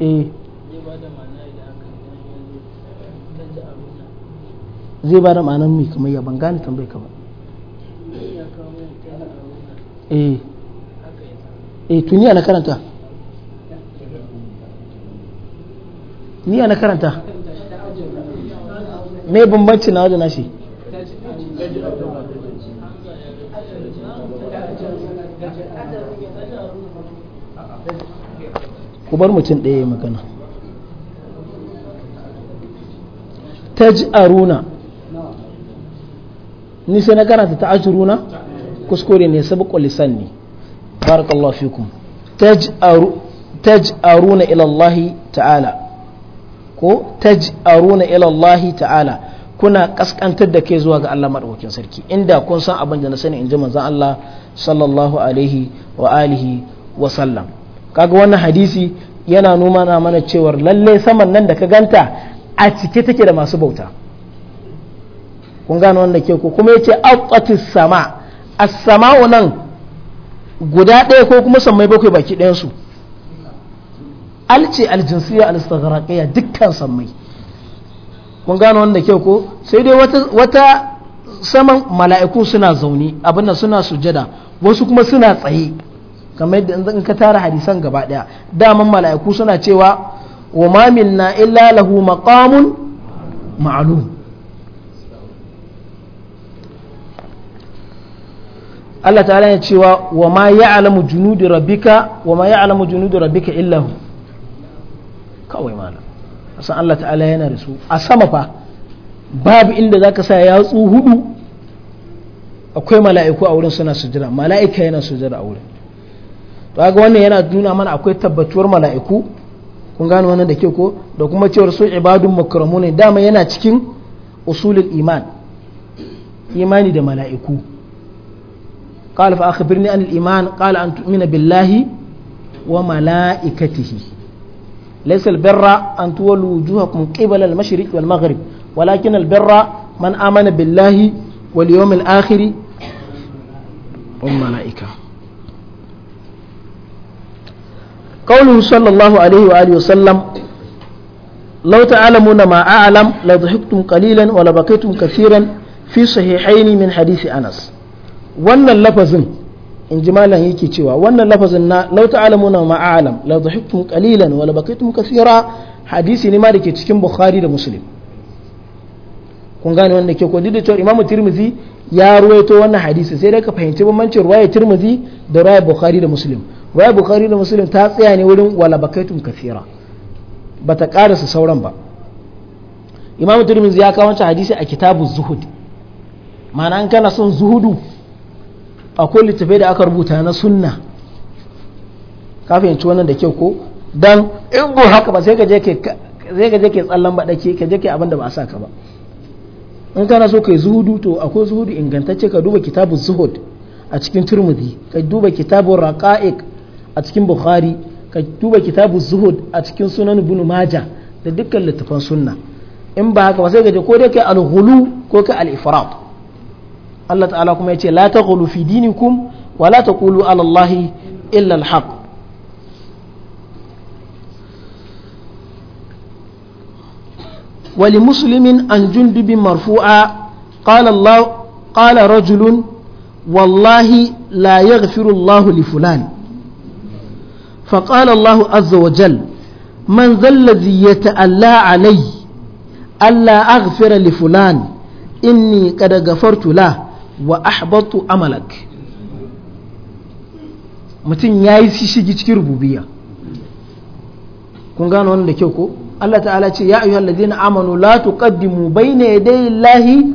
eh zai ba da ma'anar mai kamar ya ban gane tambayi ka ba eh eh tuni na karanta ni na karanta mai bambanci na wajen nashi ku bar mutum ɗaya ya magana ta ji a runa nisa na gana ta ta karanta runa kuskure ne sabu lisan ne barakallahu fikum a runa ilallahi ta'ala ko ta ji a runa ilallahi ta'ala kuna kaskantar da kai zuwa ga Allah maɗaukakin sarki inda kun san abin da na sani in ji manzon Allah sallallahu alaihi wa alihi wa sallam kaga wannan hadisi yana nuna na mana cewar lalle saman nan da ka ganta a cike take da masu bauta kun gano wanda ke ku kuma yace aqatis sama as-sama'u nan guda ɗaya ko kuma sammai bakwai baki ɗayan su alce aljinsiyya al dukkan sammai kun gano wanda kyau ko sai dai wata saman mala'iku suna zaune abin da suna sujada wasu kuma suna tsaye kamar yadda in ka tara hadisan gaba daya daman mala'iku suna cewa wa ma minna illa lahu maqamun ma'lum Allah ta'ala ya cewa wa ma ya'lamu junudi rabbika wa ma ya'lamu junudi rabbika illa hu kawai malam san Allah ta'ala yana da su a sama fa babu inda zaka sa yatsu hudu akwai mala'iku a wurin suna sujjada mala'ika yana sujjada a wurin to ga wannan yana nuna mana akwai tabbatuwar mala'iku kun gano wannan da ke ko da kuma cewar su ibadun makramune dama yana cikin usulul iman imani da mala'iku قال فأخبرني عن الإيمان قال أن تؤمن بالله وملائكته ليس البر أن تولوا وجوهكم قبل المشرق والمغرب ولكن البر من آمن بالله واليوم الآخر والملائكة قوله صلى الله عليه وآله وسلم لو تعلمون ما أعلم لضحكتم قليلا ولبقيتم كثيرا في صحيحين من حديث أنس وأن اللفظ in ji malam yake cewa wannan lafazin na lau ta'alamuna ma'alam la dhahiktum qalilan wa la bakaytum hadisi ne ma da ke cikin bukhari da muslim kun gane wanda ke ko da to imamu tirmizi ya ruwaito wannan hadisi sai dai ka fahimci bambancin ruwaya tirmizi da ruwaya bukhari da muslim ruwaya bukhari da muslim ta tsaya ne wurin wala bakaytum kathira bata karasa sauran ba imamu tirmizi ya kawo wancan hadisi a kitabu zuhud ma'ana an kana son zuhudu akwai littafai da aka rubuta na sunna ka fahimci wannan da kyau ko dan in go haka ba sai ka je ka je ba dake ka je ka abin da ba a ka ba in kana so kai zuhudu to akwai zuhudu ingantacce ka duba kitabu zuhud a cikin turmudi ka duba kitabu raqa'iq a cikin bukhari ka duba kitabu zuhud a cikin sunan ibn majah da dukkan littafan sunna in ba haka ba sai ka je ko dai kai al-ghulu ko kai al-ifrat Allah ta'ala kuma ya ce la taghlu fi dinikum wa la taqulu ala Allah illa al-haq muslimin an jundubin marfu'a qala Allah qala rajulun wallahi la yaghfiru Allah li fulan فقال الله عز وجل من ذا الذي يتألى علي ألا أغفر لفلان إني قد غفرت له wa ahbatu amalak mutum ya yi shigi cikin rububiya kun gano wannan da kyau ko Allah ta'ala ce ya ayyuhal ladina amanu la tuqaddimu bayna yaday Allahi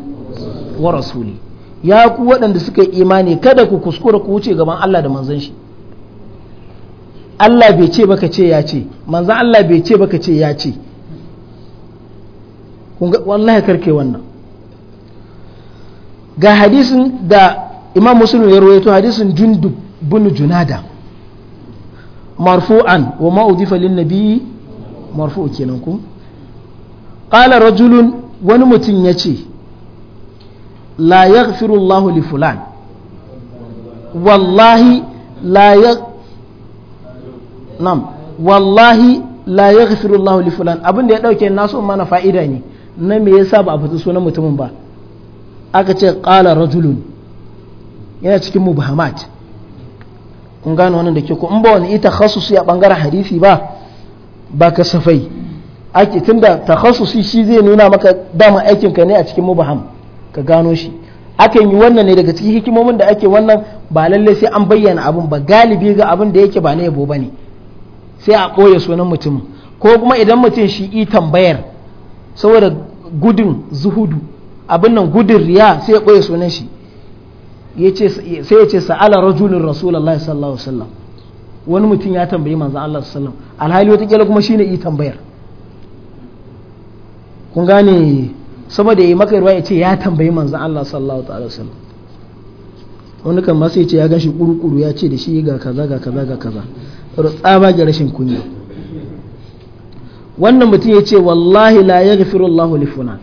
wa rasuli ya ku waɗanda suka yi imani kada ku kuskura ku wuce gaban Allah da manzon shi Allah bai ce baka ce ya ce manzon Allah bai ce baka ce ya ce wallahi karke wannan ga hadisin da imam muslim ya rawaito hadisin jundub bin junada marfu'an wa ma udifa lin nabi marfu'u kenan ku qala rajulun wani mutum yace la yaghfiru Allahu li fulan wallahi la ya nam wallahi la yaghfiru Allahu li fulan abin da ya dauke nasu mana fa'ida ne na me yasa ba a fita sunan mutumin ba aka ce ƙala rajulun yana cikin mubahamat kun gano wannan da ke ko in ba wani ita khasusu a bangaren hadisi ba ba kasafai ake tunda takhasusi shi zai nuna maka dama aikin ka ne a cikin mubaham ka gano shi aka yi wannan ne daga cikin hikimomin da ake wannan ba lalle sai an bayyana abun ba galibi ga abin da yake ba na yabo bane sai a ɓoye sunan mutum ko kuma idan mutum shi i tambayar saboda gudun zuhudu abin nan gudun riya sai ya ɓoye sunan shi sai ya ce sa'ala rajulun Allah sallallahu alaihi wasallam wani mutum ya tambayi manzan Allah sallallahu alaihi wasallam alhali wataƙila kuma shi ne yi tambayar kun gane saboda ya yi maka ruwa ya ce ya tambayi manzan Allah sallallahu alaihi wasallam wani kan masu ya ce ya gashi kuru-kuru ya ce da shi ga kaza ga kaza ga kaza tsaba ga rashin kunya wannan mutum ya ce wallahi la yaghfirullahu li fulan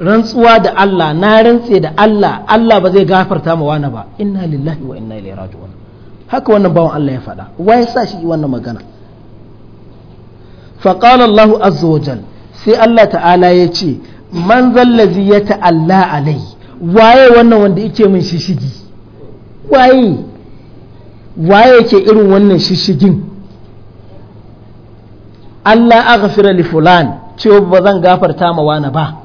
rantsuwa da Allah na rantse da Allah Allah ba zai gafarta ma wani ba inna lillahi wa inna ilaihi raji'un haka wannan bawan Allah ya faɗa wa ya sa shi wannan magana fa qala Allah azza wa jal sai Allah ta'ala ya ce man zallazi ya ta'alla alai waye wannan wanda yake min shishigi waye waye yake irin wannan shishigin Allah aghfira li fulan cewa ba zan gafarta ma wani ba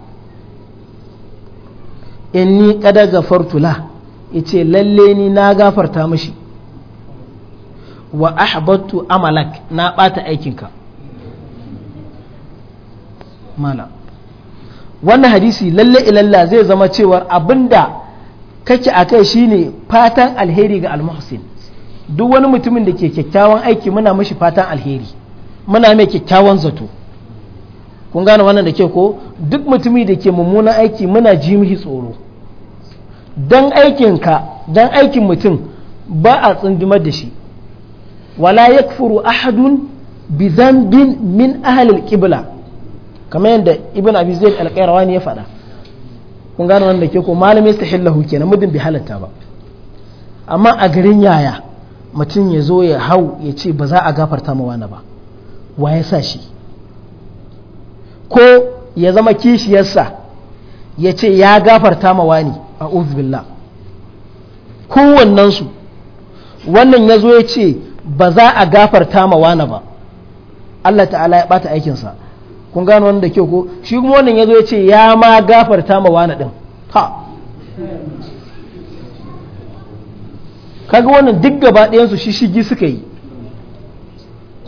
ni kada gafartu la yace lalle ni na gafarta mashi wa ahbattu amalak na bata aikinka mala wannan hadisi lalle ilalla zai zama cewar abinda kake a kai shine fatan alheri ga almuhsin duk wani mutumin da ke kyakkyawan aiki muna mashi fatan alheri muna mai kyakkyawan zato kun gane wannan da ke ko duk mutumi da ke mummunan aiki muna ji tsoro don aikinka don aikin mutum ba a tsundumar da shi wala yakfuru ahadun bi zambin min ahalil kibla kamar yadda ibn abi zai al ne ya faɗa kun gane wannan da ke ko malamin istihillahu kenan mudin bi halatta ba amma a garin yaya mutum ya zo ya hau ya ce ba za a gafarta ma wani ba wa ya sa shi ko ya zama kishiyarsa ya ce ya gafarta ma wani a uzbillah kowannensu wannan ya zo ya ce ba za a gafarta ma wani ba Allah ta'ala ya bata aikinsa kun gano wanda kyau ko shi kuma wannan ya zo ya ce ya ma gafarta ma wani din ha kaga wannan duk gaba ɗayansu shi shigi suka yi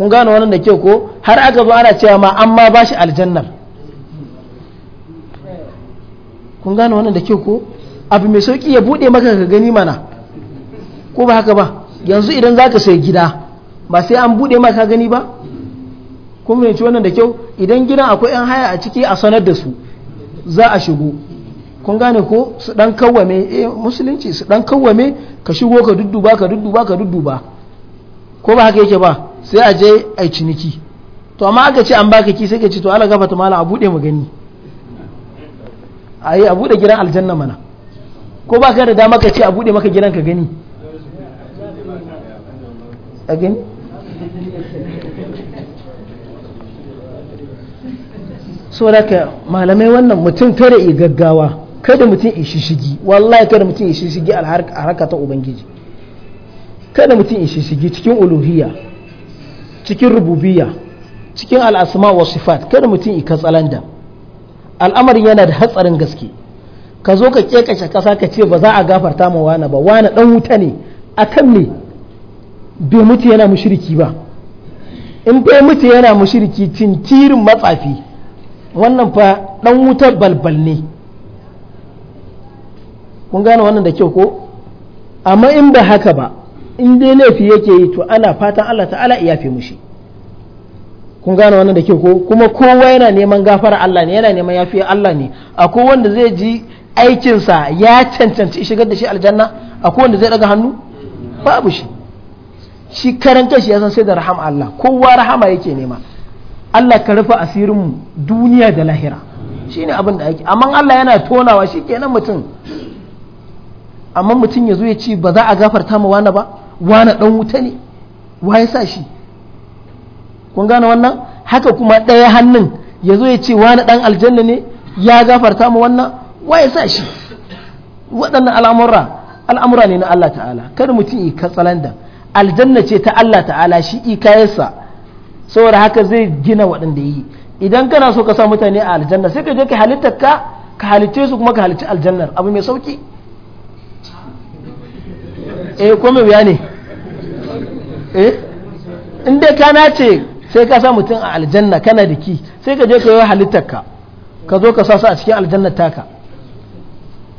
kun gane wannan da kyau ko har aka zo ana cewa ma an ma shi aljannar kun gane wannan da kyau ko abu mai sauki ya bude maka ka gani mana ko ba haka ba yanzu idan za ka sai gida ba sai an bude maka ka gani ba kun fahimci wannan da kyau idan gidan akwai yan haya a ciki a sanar da su za a shigo kun gane ko su dan kawwame eh musulunci su dan kawwame ka shigo ka dudduba ka dudduba ka dudduba ko ba haka yake ba sai a je a ciniki to amma aka ce an baka ki sai ka ce to ala gafata ta mala a bude mu gani a a bude gidan aljanna mana ko ba ka da dama ka ce a bude maka gidan ka gani a gani so ka malamai wannan mutum kada yi gaggawa kada mutum yi shishigi wallahi kada mutum ya shishigi a harka ta ubangiji kada mutum ya shishigi cikin uluhiyya cikin rububiyya cikin al'asma wa sifat kada mutum i da al'amarin yana da hatsarin gaske ka zo ka kekace kasa ka ce ba za a gafarta ma wani ba wani dan wuta ne a kan ne bai mutu yana mushiriki ba in bai mutu yana mushiriki tintirin matsafi wannan fa dan wutar balbal ne kun gane wannan da kyau ko amma in ba haka ba in dai laifi yake yi to ana fatan Allah ta'ala ya fi mushi kun gane wannan da ke ko kuma kowa yana neman gafara Allah ne yana neman yafiya Allah ne akwai wanda zai ji aikinsa ya cancanci shigar da shi aljanna akwai wanda zai daga hannu babu shi shi karan kanshi ya san sai da rahama Allah kowa rahama yake nema Allah ka rufe mu duniya da lahira shine abin da ake amma Allah yana tonawa shi kenan mutum amma mutum ya zo ya ci ba za a gafarta ma wani ba wani ɗan wuta ne wa ya sa shi kun gane wannan haka kuma ɗaya hannun ya zo ya ce wani ɗan aljanna ne ya gafarta mu wannan wa ya sa shi waɗannan al'amura al'amura ne na Allah ta'ala kada mutum yi katsalanda aljanna ce ta Allah ta'ala shi ikayarsa saboda haka zai gina waɗanda yi idan kana so ka sa mutane a aljanna sai ka je ka halitta ka ka halicce su kuma ka halicci aljannar abu mai sauki eh ko me wuya ne eh in dai ka nace sai ka sa mutum a aljanna kana da ki sai ka je ka yi halittar ka ka zo ka sa su a cikin aljanna taka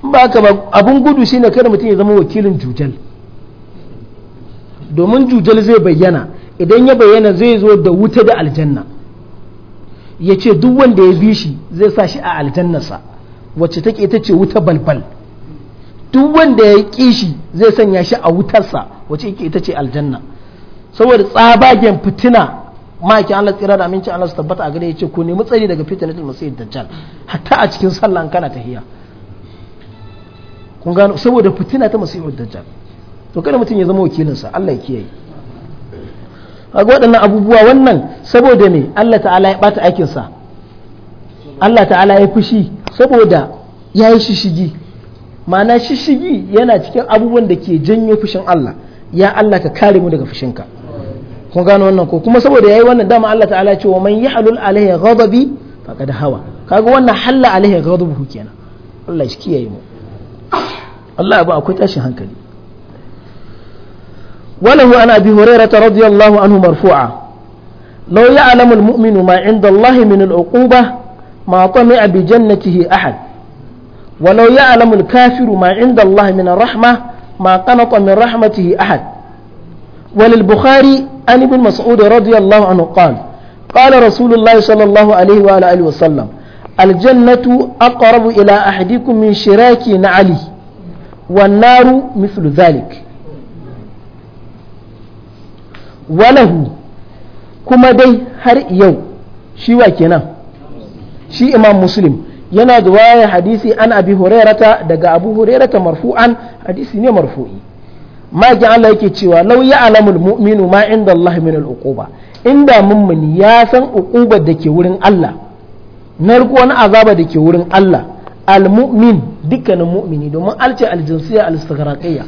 in ba haka ba abun gudu shine kada mutum ya zama wakilin jujal domin jujal zai bayyana idan ya bayyana zai zo da wuta da aljanna ya ce duk wanda ya bi shi zai sa shi a aljannarsa wacce take ita ce wuta balbal duk wanda ya ƙi shi zai sanya shi a wutarsa wace yake ita ce aljanna saboda tsabagen fitina ma'aikin Allah tsira da amincin Allah su tabbata a gare ya ce ku nemi tsari daga fitnatul masih dajjal hatta a cikin sallah kana tahiya kun gano saboda fitina ta masih dajjal to kada mutum ya zama wakilinsa Allah ya kiyaye kaga waɗannan abubuwa wannan saboda me Allah ta'ala ya bata aikinsa Allah ta'ala ya fushi saboda ya yi shishigi ma'ana shishigi yana cikin abubuwan da ke janyo fushin Allah ya Allah ka kare mu daga fushinka kun gano wannan ko kuma saboda yayi wannan dama Allah ta'ala ce wa man yahlul alaihi ghadabi faqad hawa kaga wannan halla alaihi ghadabuhu kenan Allah shi kiyaye mu Allah ya ba akwai tashin hankali وله أن أبي هريرة رضي الله عنه مرفوعا لو يعلم المؤمن ما عند الله من العقوبة ما طمع بجنته أحد ولو يعلم الكافر ما عند الله من الرحمة ما قنط من رحمته أحد وللبخاري عن ابن مسعود رضي الله عنه قال قال رسول الله صلى الله عليه وعلى آله وسلم الجنة أقرب إلى أحدكم من شراك نعلي والنار مثل ذلك وله كما دي هر يوم شي واكنا شي إمام مسلم yana riwayar hadisi an abi hurairata daga abu hurairata marfu'an hadisi ne marfu'i ma'aikin Allah yake cewa law ya mu'minu ma inda Allah min al'uquba inda mummuni ya san uqubar da ke wurin Allah narko wani azaba da ke wurin Allah almumin mumin dukkanin mu'mini domin alce aljinsiya al-istighraqiyya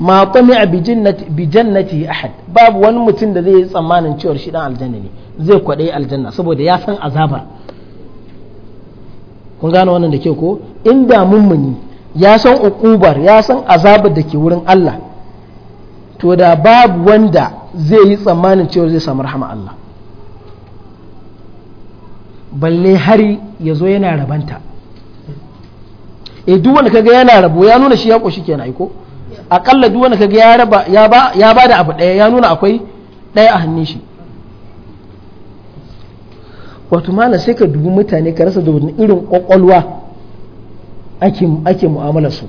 ma tami'a bi jannati bi jannati ahad babu wani mutum da zai yi tsammanin cewa shi dan aljanna ne zai kwadai aljanna saboda ya san azabar kun gane wannan da ke ko in da mummuni ya san ukubar ya san azabar da ke wurin Allah to da babu wanda zai yi tsammanin cewa zai samu rahama Allah balle hari ya zo yana rabanta e duk wanda kaga yana rabo ya nuna shi ya koshi kenan aiko akalla duk wanda kaga ya raba ya ba da abu daya ya nuna akwai daya a hannun shi wato malam sai ka dubi mutane ka rasa da irin kwakwalwa ake ake mu'amalar su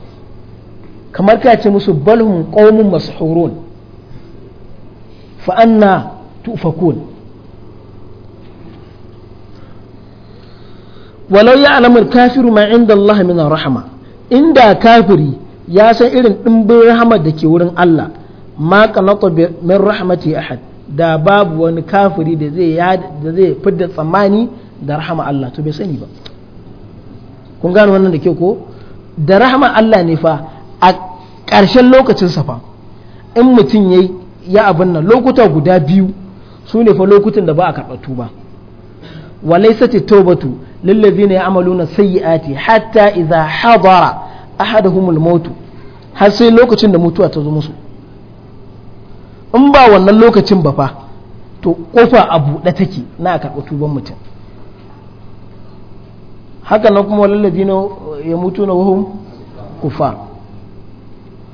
kamar ka ce musu balhun qaumun mashurun fa anna tufakun walau ya alamar kafiru ma inda Allah min rahama inda kafiri ya san irin dimbin rahama da ke wurin Allah ma qanata min rahmati ahad da babu wani kafiri da zai da zai fidda tsammani da rahama Allah to bai sani ba kun gano wannan da ke ko da rahama Allah ne fa a ƙarshen lokacin fa in mutum ya abin nan lokuta guda biyu su ne fa lokutan da ba a karɓa tuba walaisa ce taubatu lallazi ne ya amalu na sayi'ati hatta idza hadara ahaduhumul mota har sai lokacin da mutuwa ta zo musu in ba wannan lokacin ba fa to kofa a buɗe take na a karɓi tuban mutum haka nan kuma wani na ya mutu na wahun kufa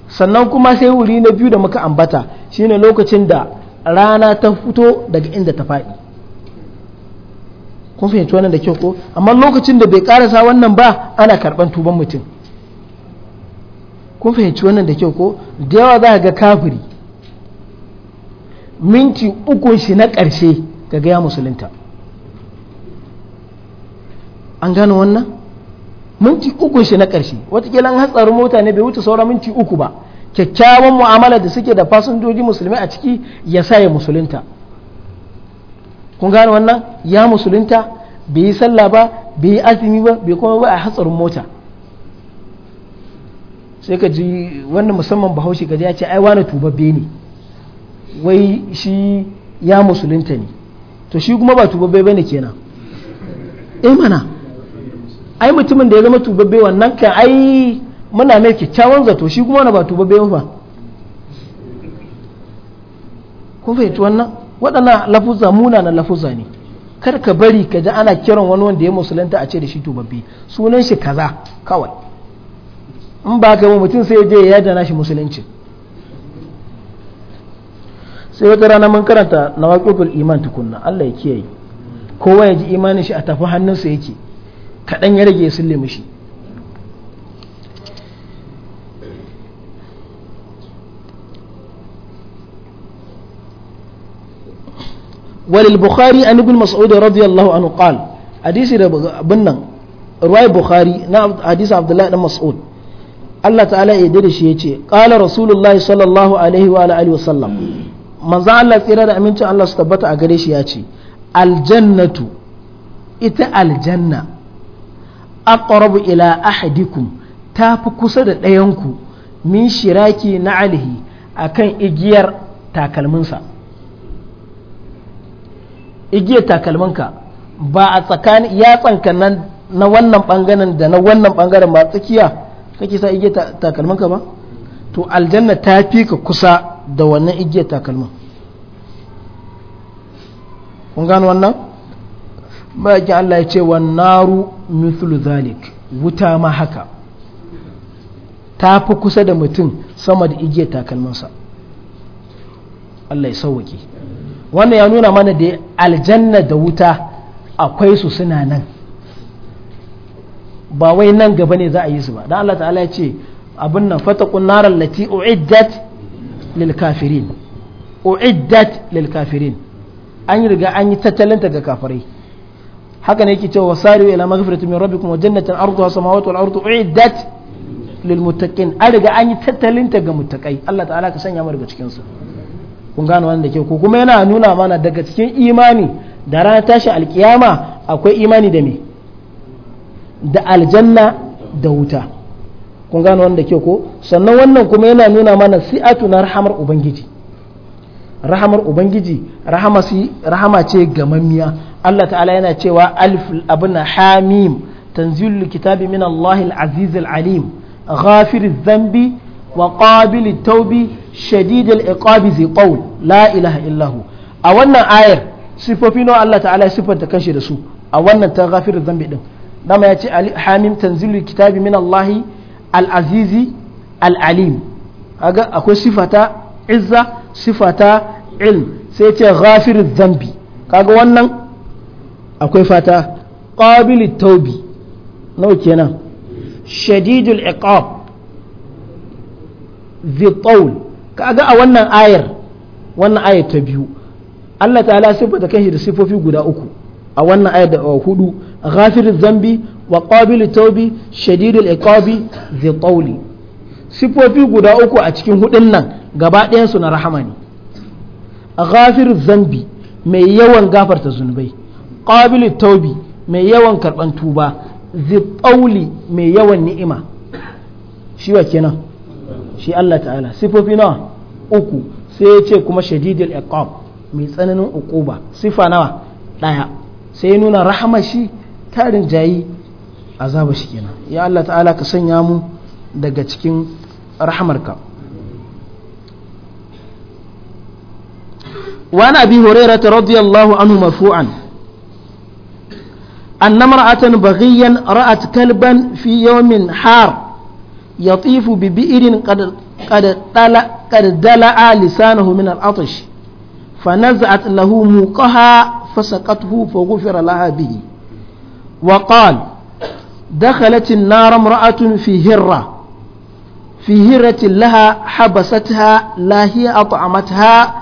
sannan kuma sai wuri na biyu da muka ambata shine lokacin da rana ta fito daga inda ta faɗi kun fahimci wannan da kyau ko amma lokacin da bai karasa wannan ba ana karɓan tuban mutum kun fahimci wannan da kyau ko da yawa za ga kafiri minti uku shi na ƙarshe ga gaya musulunta an gano wannan minti uku shi na ƙarshe watakila an hatsarin mota ne bai wuce sauran minti uku ba kyakkyawan mu'amala da suke da fasinjoji musulmi a ciki ya sa ya musulunta kun gano wannan ya musulunta bai yi sallah ba bai yi azumi ba bai kuma ba a hatsarin mota sai ka ji wannan musamman bahaushe gaji ya ce ai wani tubabbe ne wai shi ya musulunta ne to shi kuma ba tubabbe bane kenan eh mana ai mutumin da ya zama tubabbe wannan kan ai muna mai kyakkyawan zato shi kuma wani ba tubabbe ba kun fahimci wannan waɗannan lafuzza na lafuzza ne kar ka bari ka ji ana kiran wani wanda ya musulunta a ce da shi tubabbe sunan shi kaza kawai in ba ka mutum sai ya je ya yada nashi musulunci sai wata rana mun karanta na waƙoƙul iman tukunna Allah ya kiyaye kowa ya ji imanin shi a tafi hannunsa yake kaɗan ya rage ya sulle mushi walil bukhari an ibn mas'ud radiyallahu anhu qal hadisi da abin nan ruwai bukhari na hadisi abdullahi ibn mas'ud Allah ta'ala ya da shi ya ce ƙala rasulullahi sallallahu alaihi wa alaihi manzo Allah tsira da amincin Allah su tabbata a gare shi ya ce aljannatu ita aljanna aqrabu ila ahadikum ta fi kusa da ɗayanku min shiraki na alihi akan igiyar takalminsa igiyar takalminka ba a tsakani ya tsankanan na wannan bangaren da na wannan bangaren ba tsakiya kake sa igiyar takalminka ba to aljanna ta fi ka kusa da wannan igiyar takalman. kun gano wannan bayan Allah ya ce naru mithlu zalik wuta ma haka ta fi kusa da mutum sama da igiyar takalminsa Allah ya sauwake wannan ya nuna mana da aljanna da wuta akwai su suna nan ba wai nan gaba ne za a yi su ba dan Allah ta'ala ya ce abin nan fatakun narar lati u'iddat lil kafirin u'iddat lil kafirin an riga an yi tattalinta ga kafirai haka ne yake cewa wasari ila maghfirati min rabbikum wa jannatin arduha samawati wal ardu u'iddat lil muttaqin an riga an yi tattalinta ga muttaqai Allah ta'ala ka sanya mu daga cikin su kun gane wannan da ke ko kuma yana nuna mana daga cikin imani da ranar tashi alkiyama akwai imani da me da aljanna da wuta kun gano wanda ke ko sannan wannan kuma yana nuna mana si'atu na rahamar ubangiji rahamar ubangiji rahama si rahama ce gamammiya Allah ta'ala yana cewa alif abin hamim tanzilul kitabi min Allah al-aziz al-alim ghafir dhanbi wa qabil at-taubi shadid al-iqab zi qawl la ilaha illahu. a wannan ayar sifofi no Allah ta'ala ya sifanta kanshi da su a wannan ta ghafir dhanbi din dama ya ce hamim tanzilul kitabi min Allah Al'azizi, al'alim, al akwai sifata izza sifata ilm sai ce ghafir zambi kaga wannan akwai fata ƙabili taubi nawa kenan shadidul iqab zi taul kaga a wannan ayar wannan ayar ta biyu Allah ta'ala sifata shi da sifofi guda uku a wannan ayar da hudu ghafir zambi wa qabilu taubi shadidul iqabi zai qawli sifofi guda uku a cikin hudun nan gaba ɗayansu na rahama ne ghafir zambi mai yawan gafarta zunubai qabilu taubi mai yawan karban tuba zai qawli mai yawan ni'ima shi wa kenan shi Allah ta'ala sifofi nawa uku sai ya ce kuma shadidul iqab mai tsananin uquba sifa nawa ɗaya sai nuna rahama shi tarin jayi azaba shi kenan ya Allah ta'ala ka sanya mu daga cikin rahamarka وعن أبي هريرة رضي الله عنه مرفوعا أن امرأة بغيا رأت كلبا في يوم حار يطيف ببئر قد قد دلع قد دلع لسانه من العطش فنزعت له موقها فسقته فغفر لها به وقال دخلت النار امرأة في هرة في هرة لها حبستها لا هي أطعمتها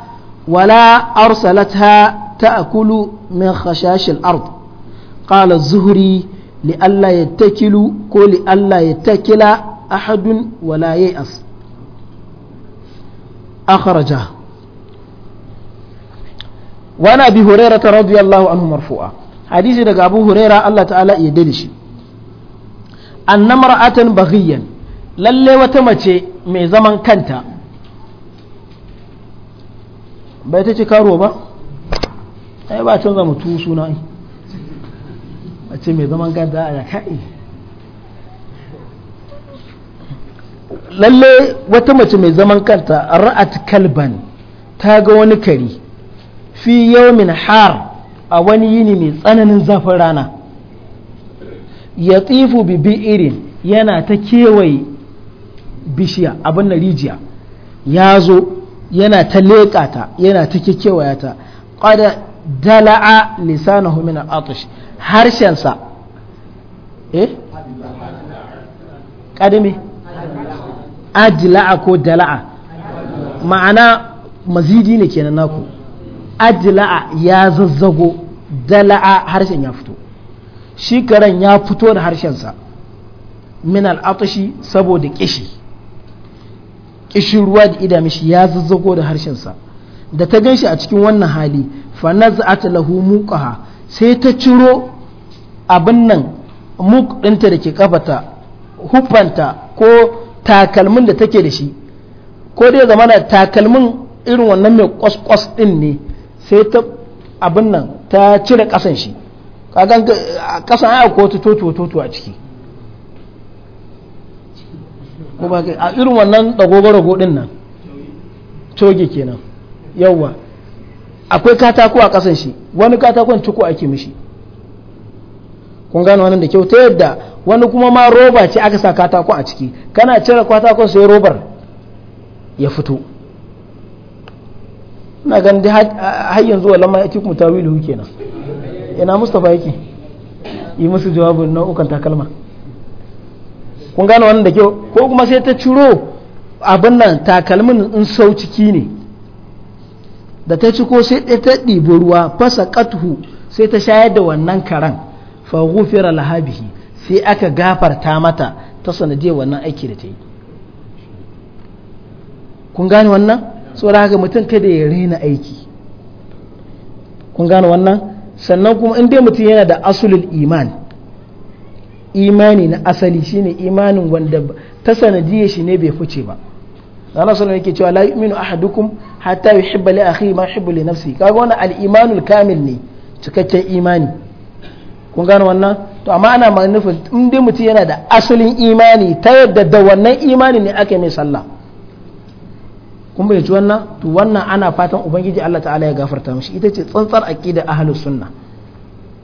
ولا أرسلتها تأكل من خشاش الأرض قال الزهري لئلا يتكل قل لئلا يتكل أحد ولا ييأس أخرجه وأنا أبي هريرة رضي الله عنه مرفوعا حديث دقى أبو هريرة الله تعالى يدلشي anna mar'atan baghiyan lalle wata mace mai zaman kanta bai ta ci karo ba ai ba canza mutu suna ai mace mai zaman kanta a kai lalle wata mace mai zaman kanta ra'at kalban ta ga wani kari fi yawmin har a wani yini mai tsananin zafin rana ya tsifu bi irin yana ta kewaye bishiya abin na rijiya ya zo yana ta leƙata, yana ta kewaya ta ƙada dala'a lisanahu min atush atish harshensa eh ƙadami ajla'a ko dala'a ma'ana mazidi ne kenan naku ajla'a ya zazzago dala'a harshen ya fito shi karen ya fito da harshensa min al'atashi saboda kishi kishin ruwa da ida mishi ya zazzago da harshensa da ta gan shi a cikin wannan hali fa naz'at lahu muqaha sai ta ciro abin nan muk ɗinta da ke kafata hufanta ko takalmin da take da shi ko dai zama da takalmin irin wannan mai kwaskwas ɗin ne sai ta abin nan ta cire ƙasan shi kagan kasan aya ko ta totuwa totuwa a ciki ko ba a irin wannan dagogoro din nan coge kenan yawwa akwai katako a kasan shi wani katakon ciko ake mishi kun gano wannan da kyau ta yadda wani kuma ma roba ce aka sa katako a ciki kana cire katakon sai robar ya fito ina ganin har yanzu wallan ma ya ci kuma tawilu kenan ina mustapha yake yi musu jawabin nau'ukan takalma kun gane wannan da kyau ko kuma sai ta ciro abin nan takalmin in sau ciki ne da ta ci ko sai ta ɗibo ruwa fasa katuhu sai ta shayar da wannan karan fa gufira lahabihi sai aka gafarta mata ta sanadiyar wannan aiki da ta yi kun gane wannan tsoron haka mutum kada ya rena aiki kun gane wannan sannan kuma in dai mutum yana da asulul iman imani na asali shine imanin wanda ta sanadiyar shi ne bai fice ba Allah sallallahu yake cewa la yu'minu ahadukum hatta yuhibba li akhihi ma yuhibbu li nafsi kaga wani al-imanul kamil ne cikakken imani kun gano wannan to amma ana manufin in dai mutum yana da asalin imani ta yadda da wannan imani ne ake mai sallah kun bai ci wannan to wannan ana fatan ubangiji Allah ta'ala ya gafarta mishi ita ce tsantsar aqida ahlus sunna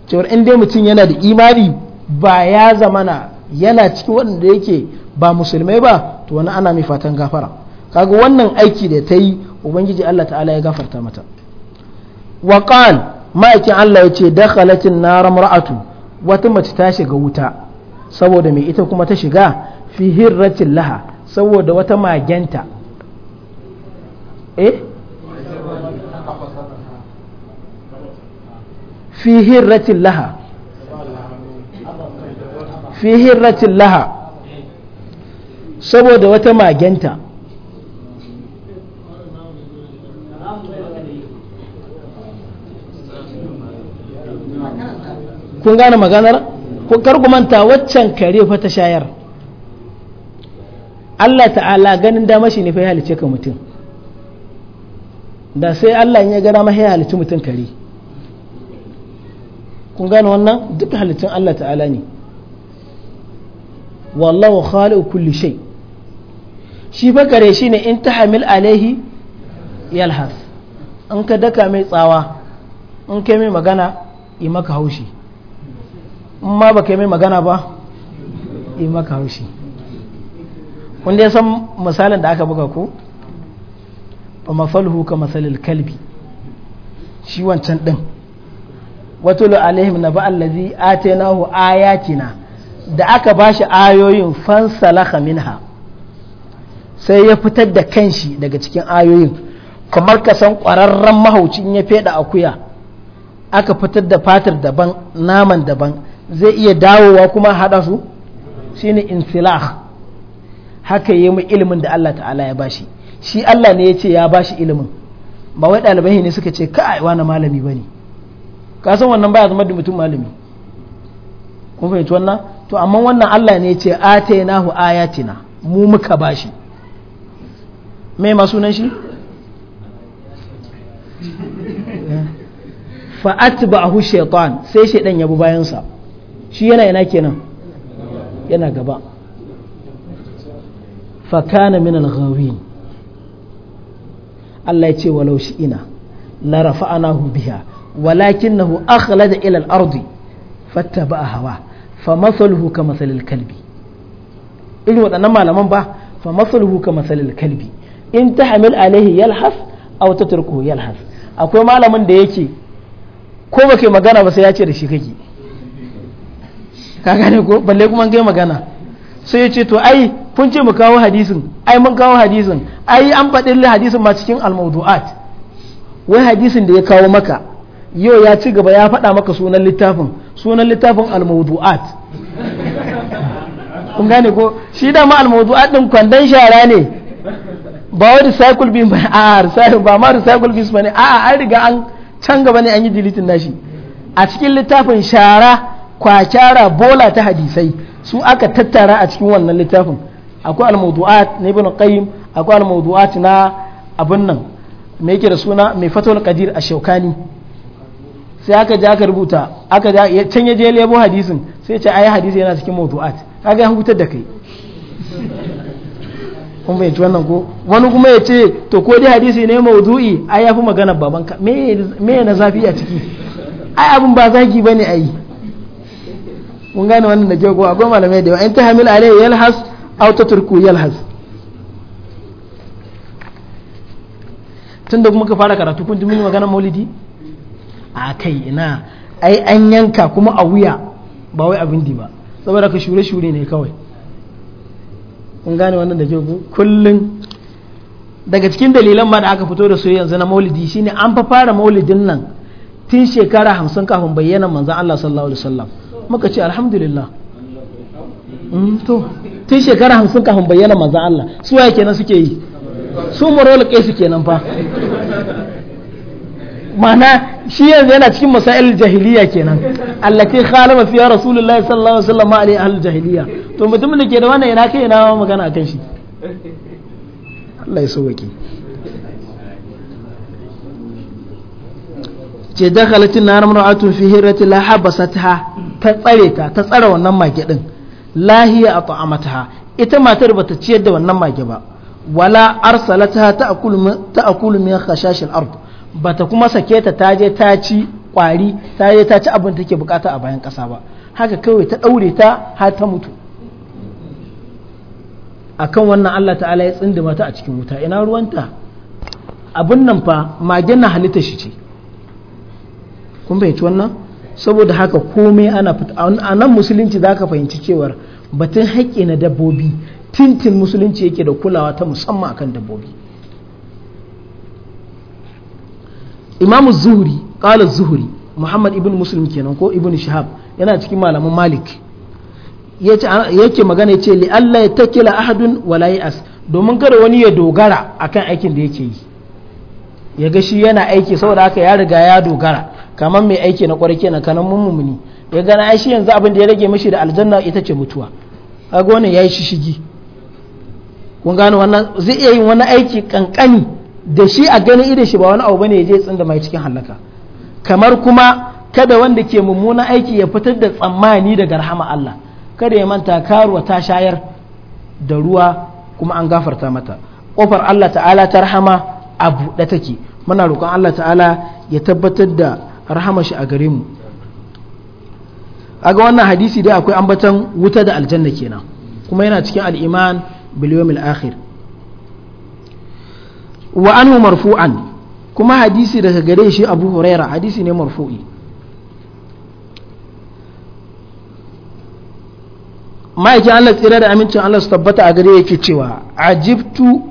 cewa in dai mutum yana da imani ba ya zamana yana cikin waɗanda yake ba musulmai ba to wani ana mai fatan gafara kaga wannan aiki da ta yi ubangiji Allah ta'ala ya gafarta mata wa qal ma'aikin Allah ya ce dakhalatin nar mar'atu wata mace ta shiga wuta saboda me ita kuma ta shiga fi hirratin laha saboda wata magenta eh fi hirratin laha fi hirratin laha saboda wata magenta kun gane maganar kar ku manta waccan kare fa ta shayar Allah ta'ala ganin dama shi ne fa ya halice ka mutum da sai Allah ya gada mahi halittu mutum kare kun gane wannan duk halittun Allah ta'ala ne wallahu khaliqu kulli shay shi fa kare shine in tahmil alaihi yalhas in ka daka mai tsawa in kai mai magana yi maka haushi in ma ba kai mai magana ba yi maka haushi kun dai san misalin da aka buga ku. fa masaluhu ka masalil kalbi shi wancan din watulu alaihim na ba'al ladhi atainahu ayatina da aka ba shi ayoyin fansalaha minha sai ya fitar da kanshi daga cikin ayoyin kamar ka san ƙwararren mahaucin ya feda akuya aka fitar da fatar daban naman daban zai iya dawowa kuma haɗa su shine insilah haka yi mu ilimin da Allah ta'ala ya bashi shi Allah ne ya ce ya bashi ilimin ba wai ɗalibai ne suka ce kai wani malami ba ne ka san wannan baya zama da mutum malami kun fahimci wannan to amma wannan Allah ne ya ce nahu ayatina mu muka bashi me ma sunan shi fa atba'ahu shaytan sai shaydan ya bi bayan sa shi yana yana kenan yana gaba fa kana min al-ghawin Allah ya ce walau shi ina la rafa'anahu biha walakinahu akhlada ila al-ardi fattaba'a hawa fa masaluhu ka masalil kalbi irin waɗannan malaman ba fa masaluhu ka masalil kalbi in ta hamil alaihi yalhas aw tatruku yalhas akwai malamin da yake ko ba kai magana ba sai ya ce da shi kake ka gane ko balle kuma ga magana sai ya ce to ai kun ce mu kawo hadisin ai mun kawo hadisin ai an faɗin hadisin ma cikin almawdu'at wai hadisin da ya kawo maka yau ya ci gaba ya faɗa maka sunan littafin sunan littafin almawdu'at kun gane ko shi dama almawdu'at din kwandon shara ne ba wa recycle bin ba a recycle ba ma recycle bin ba ne a an riga an can gaba ne an yi deleting nashi a cikin littafin shara kwakyara bola ta hadisai su aka tattara a cikin wannan littafin akwai al-mawdu'at na ibn qayyim akwai al-mawdu'at na abun nan me yake da suna mai fatul qadir a shaukani sai aka je aka rubuta aka ja can ya je lebo hadisin sai ce ai hadisi yana cikin mawdu'at kaga hutar da kai kun fahimci wannan ko wani kuma ya ce to ko dai hadisi ne mawdu'i ai yafi magana babanka me me na zafi a ciki ai abin ba zagi bane ai mun gane wannan da ke ko akwai malamai da yawa in ta alayhi yalhas aw tatruku yalhaz tunda ka fara karatu kun ji mun magana maulidi a kai ina ai an yanka kuma a wuya ba wai abin di ba saboda ka shure-shure ne kawai kun gane wannan da ke kullum daga cikin dalilan ma da aka fito da su yanzu na maulidi shine an fa fara maulidin nan tun shekara hamsin kafin bayyana manzan Allah sallallahu alaihi wasallam muka ce alhamdulillah to tun shekara hamsin kafin bayyana manzan Allah su waye kenan suke yi su marol su kenan fa ma'ana shi yanzu yana cikin masail jahiliya kenan allati khalama fiya rasulullahi sallallahu alaihi wasallam alai ahlul jahiliya to mutumin da ke da wannan yana kai yana magana akan shi Allah ya sauke ce dakalatin na mar'atun fi hirati la habasatha ta tsare ta ta tsare wannan mage din lahiya a ta'amata ita matar ba ta ciyar da wannan mage ba wala arsalata ta akulu min khashashil ard ta kuma sake ta ta je ta ci kwari ta je ta ci abin take bukata a bayan kasa ba haka kawai ta daure ta har ta mutu akan wannan Allah ta'ala ya tsinda ta a cikin wuta ina ruwanta abin nan fa magen na halitta shi ce kun bai wannan saboda haka komai ana fita a nan musulunci za ka fahimci cewar batun haƙƙi na dabbobi tintin musulunci yake da kulawa ta musamman akan dabbobi imamu zuhuri ƙalar zuhuri muhammad ibn muslim kenan ko ibn shahab yana cikin malamin malik yake magana ya ce allah ya takila ahadun wala as domin kada wani ya dogara akan aikin da yake yi ya ga shi yana aiki saboda haka ya riga ya dogara kamar mai aiki na kwarai na kanan mun mumuni ya gana ai shi yanzu abin da ya rage mishi da aljanna ita ce mutuwa kaga wannan yayi shishigi kun gano wannan zai iya yin wani aiki kankani da shi a ganin idan shi ba wani abu bane ya je tsinda mai cikin halaka kamar kuma kada wanda ke mummunan aiki ya fitar da tsammani daga rahama Allah kada ya manta karuwa ta shayar da ruwa kuma an gafarta mata kofar Allah ta'ala ta rahama a buɗe take muna roƙon Allah ta'ala ya tabbatar da rahama shi a gare mu aga wannan hadisi dai akwai ambatan wuta da aljanna kenan kuma yana cikin al'iman biliyomil akhir wa anhu marfu'an kuma hadisi daga gare shi abu huraira hadisi ne marfu'i ma'aikin allah tsira da amincin allah su tabbata a gare yake cewa ajibtu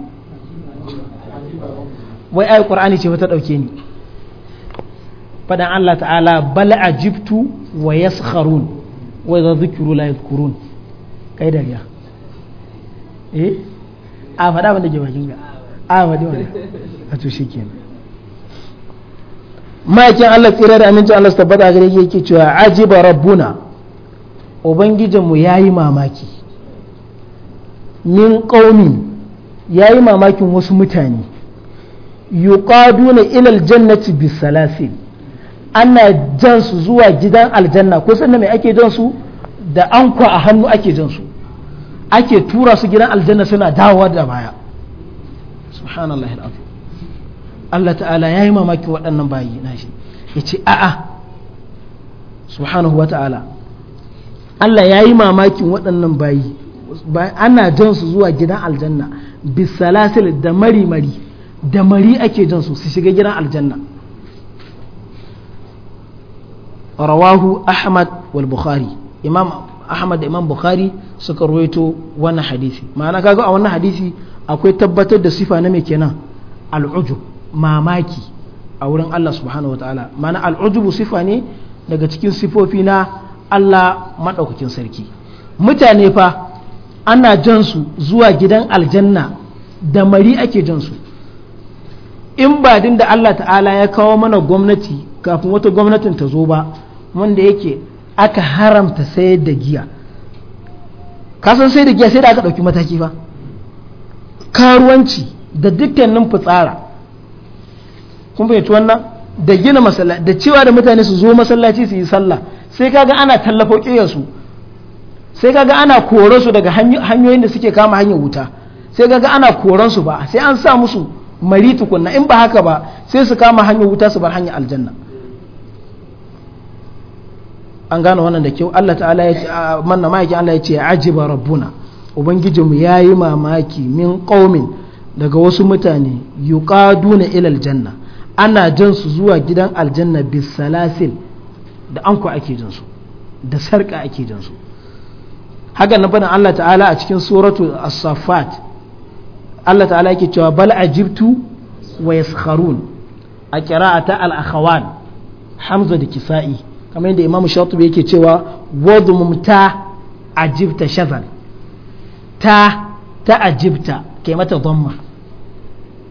wai ai qur'ani ce ta dauke ni fadan Allah ta'ala bal ajibtu wa yaskharun wa idza dhikru la yadhkurun kai da dariya eh a fada abin da ke bakin ga a faɗi wani a to shi kenan ma'aikin Allah tsira da amincin Allah su tabbata gare yake cewa ajiba rabbuna ubangijin mu yayi mamaki min qaumi yayi mamakin wasu mutane yuqaduna ilal jannati bisalasil ana jan su zuwa gidan aljanna ko sanda mai ake jan su da anko a hannu ake jan su ake tura su gidan aljanna suna dawowa da baya subhanallah Allah ta'ala ya yi mamaki waɗannan bayi na shi ya ce a'a subhanahu wa ta'ala Allah ya yi mamakin waɗannan bayi ana jan su zuwa gidan aljanna bisalasil da mari mari da mari ake jan su su shiga gidan aljanna rawahu ahmad wal bukhari imam ahmad da imam bukhari suka ruwaito wannan hadisi ma'ana kaga a wannan hadisi akwai tabbatar da sifa na mai kenan al'ujub mamaki a wurin Allah subhanahu wataala ma'ana al'ujubu sifa ne daga cikin sifofi na Allah maɗaukakin sarki mutane fa ana jan su zuwa gidan aljanna da mari ake jan su in ba din da Allah ta'ala ya kawo mana gwamnati kafin wata gwamnatin ta zo ba wanda yake aka haramta sayar da giya kasan sai da giya sai da aka ɗauki mataki ba. karuwanci da dukkanin fitsara kun fahimci wannan da gina masallaci da cewa da mutane su zo masallaci su yi sallah sai kaga ana tallafo su sai kaga ana kore su daga hanyoyin da suke kama hanyar wuta sai kaga ana koran su ba sai an sa musu mari tukunna in ba haka ba sai su kama hanyar wuta su bar hanyar aljanna an gane wannan da kyau Allah ta'ala ya ce manna ma'aikin Allah ya ce ajiba rabbuna ubangijinmu ya yi mamaki min qaumin daga wasu mutane yuqaduna ila aljanna ana jan su zuwa gidan aljanna bis salasil da anko ake jin su da sarka ake jin su haka na bana Allah ta'ala a cikin suratu as-saffat Allah ta'ala yake cewa bal ajibtu wa yaskharun a ta al-akhawan hamza da kisa'i kamar yadda imamu shatubi yake cewa wadumum ta ajibta shazan ta ta ajibta ke mata dhamma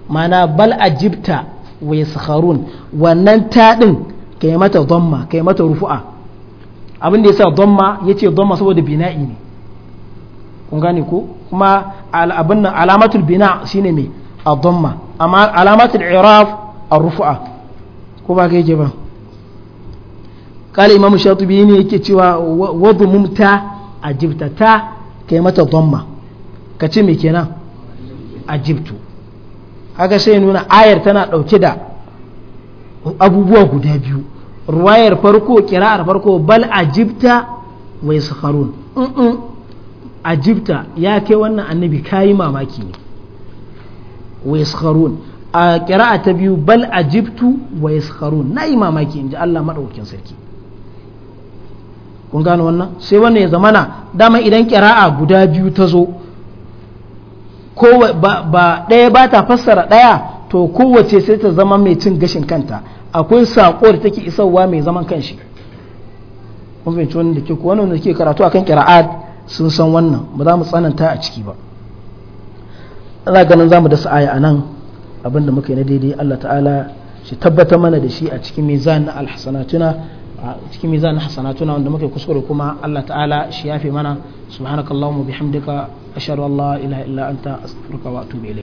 mana bal ajibta wa yaskharun wannan ta din ke mata dhamma ke mata rufu'a ya sa yasa ya yace dhamma saboda bina'i ne kun gane ko kuma abin alamatul bina shine mai a dhamma amma alamatul i'raf a rufua ko ba ga yake ba kala shatu biyu ne yake cewa wadda mumta ajibta ta kai mata dhamma ka ce me kenan ajibtu haka sai nuna ayar tana dauke da abubuwa guda biyu ruwayar farko kira'ar farko bal ajibta wa yasakharun in ajibta ya kai wannan annabi kayi mamaki ne wa yasakharun a kira'a ta biyu bal ajibtu wa na yi mamaki ji Allah madaukakin sarki kun gane wannan sai wannan ya zamana dama idan kira'a guda biyu ta zo ko ba ɗaya ba ta fassara ɗaya to kowace sai ta zama mai cin gashin kanta akwai saƙo da take isarwa mai zaman kanshi kun fahimci wannan da ke ku wannan da ke karatu akan kira'a sun san wannan ba za mu tsananta a ciki ba ana ganin za mu dasa aya a nan abinda muka yi na daidai Allah ta'ala shi tabbata mana da shi a cikin mizan na alhassanatuna cikin mizan hasanatuna wanda muke kuskure kuma Allah ta'ala shi yafe mana subhanakallahumma bihamdika ashhadu an la ilaha illa anta astaghfiruka wa atubu ilayk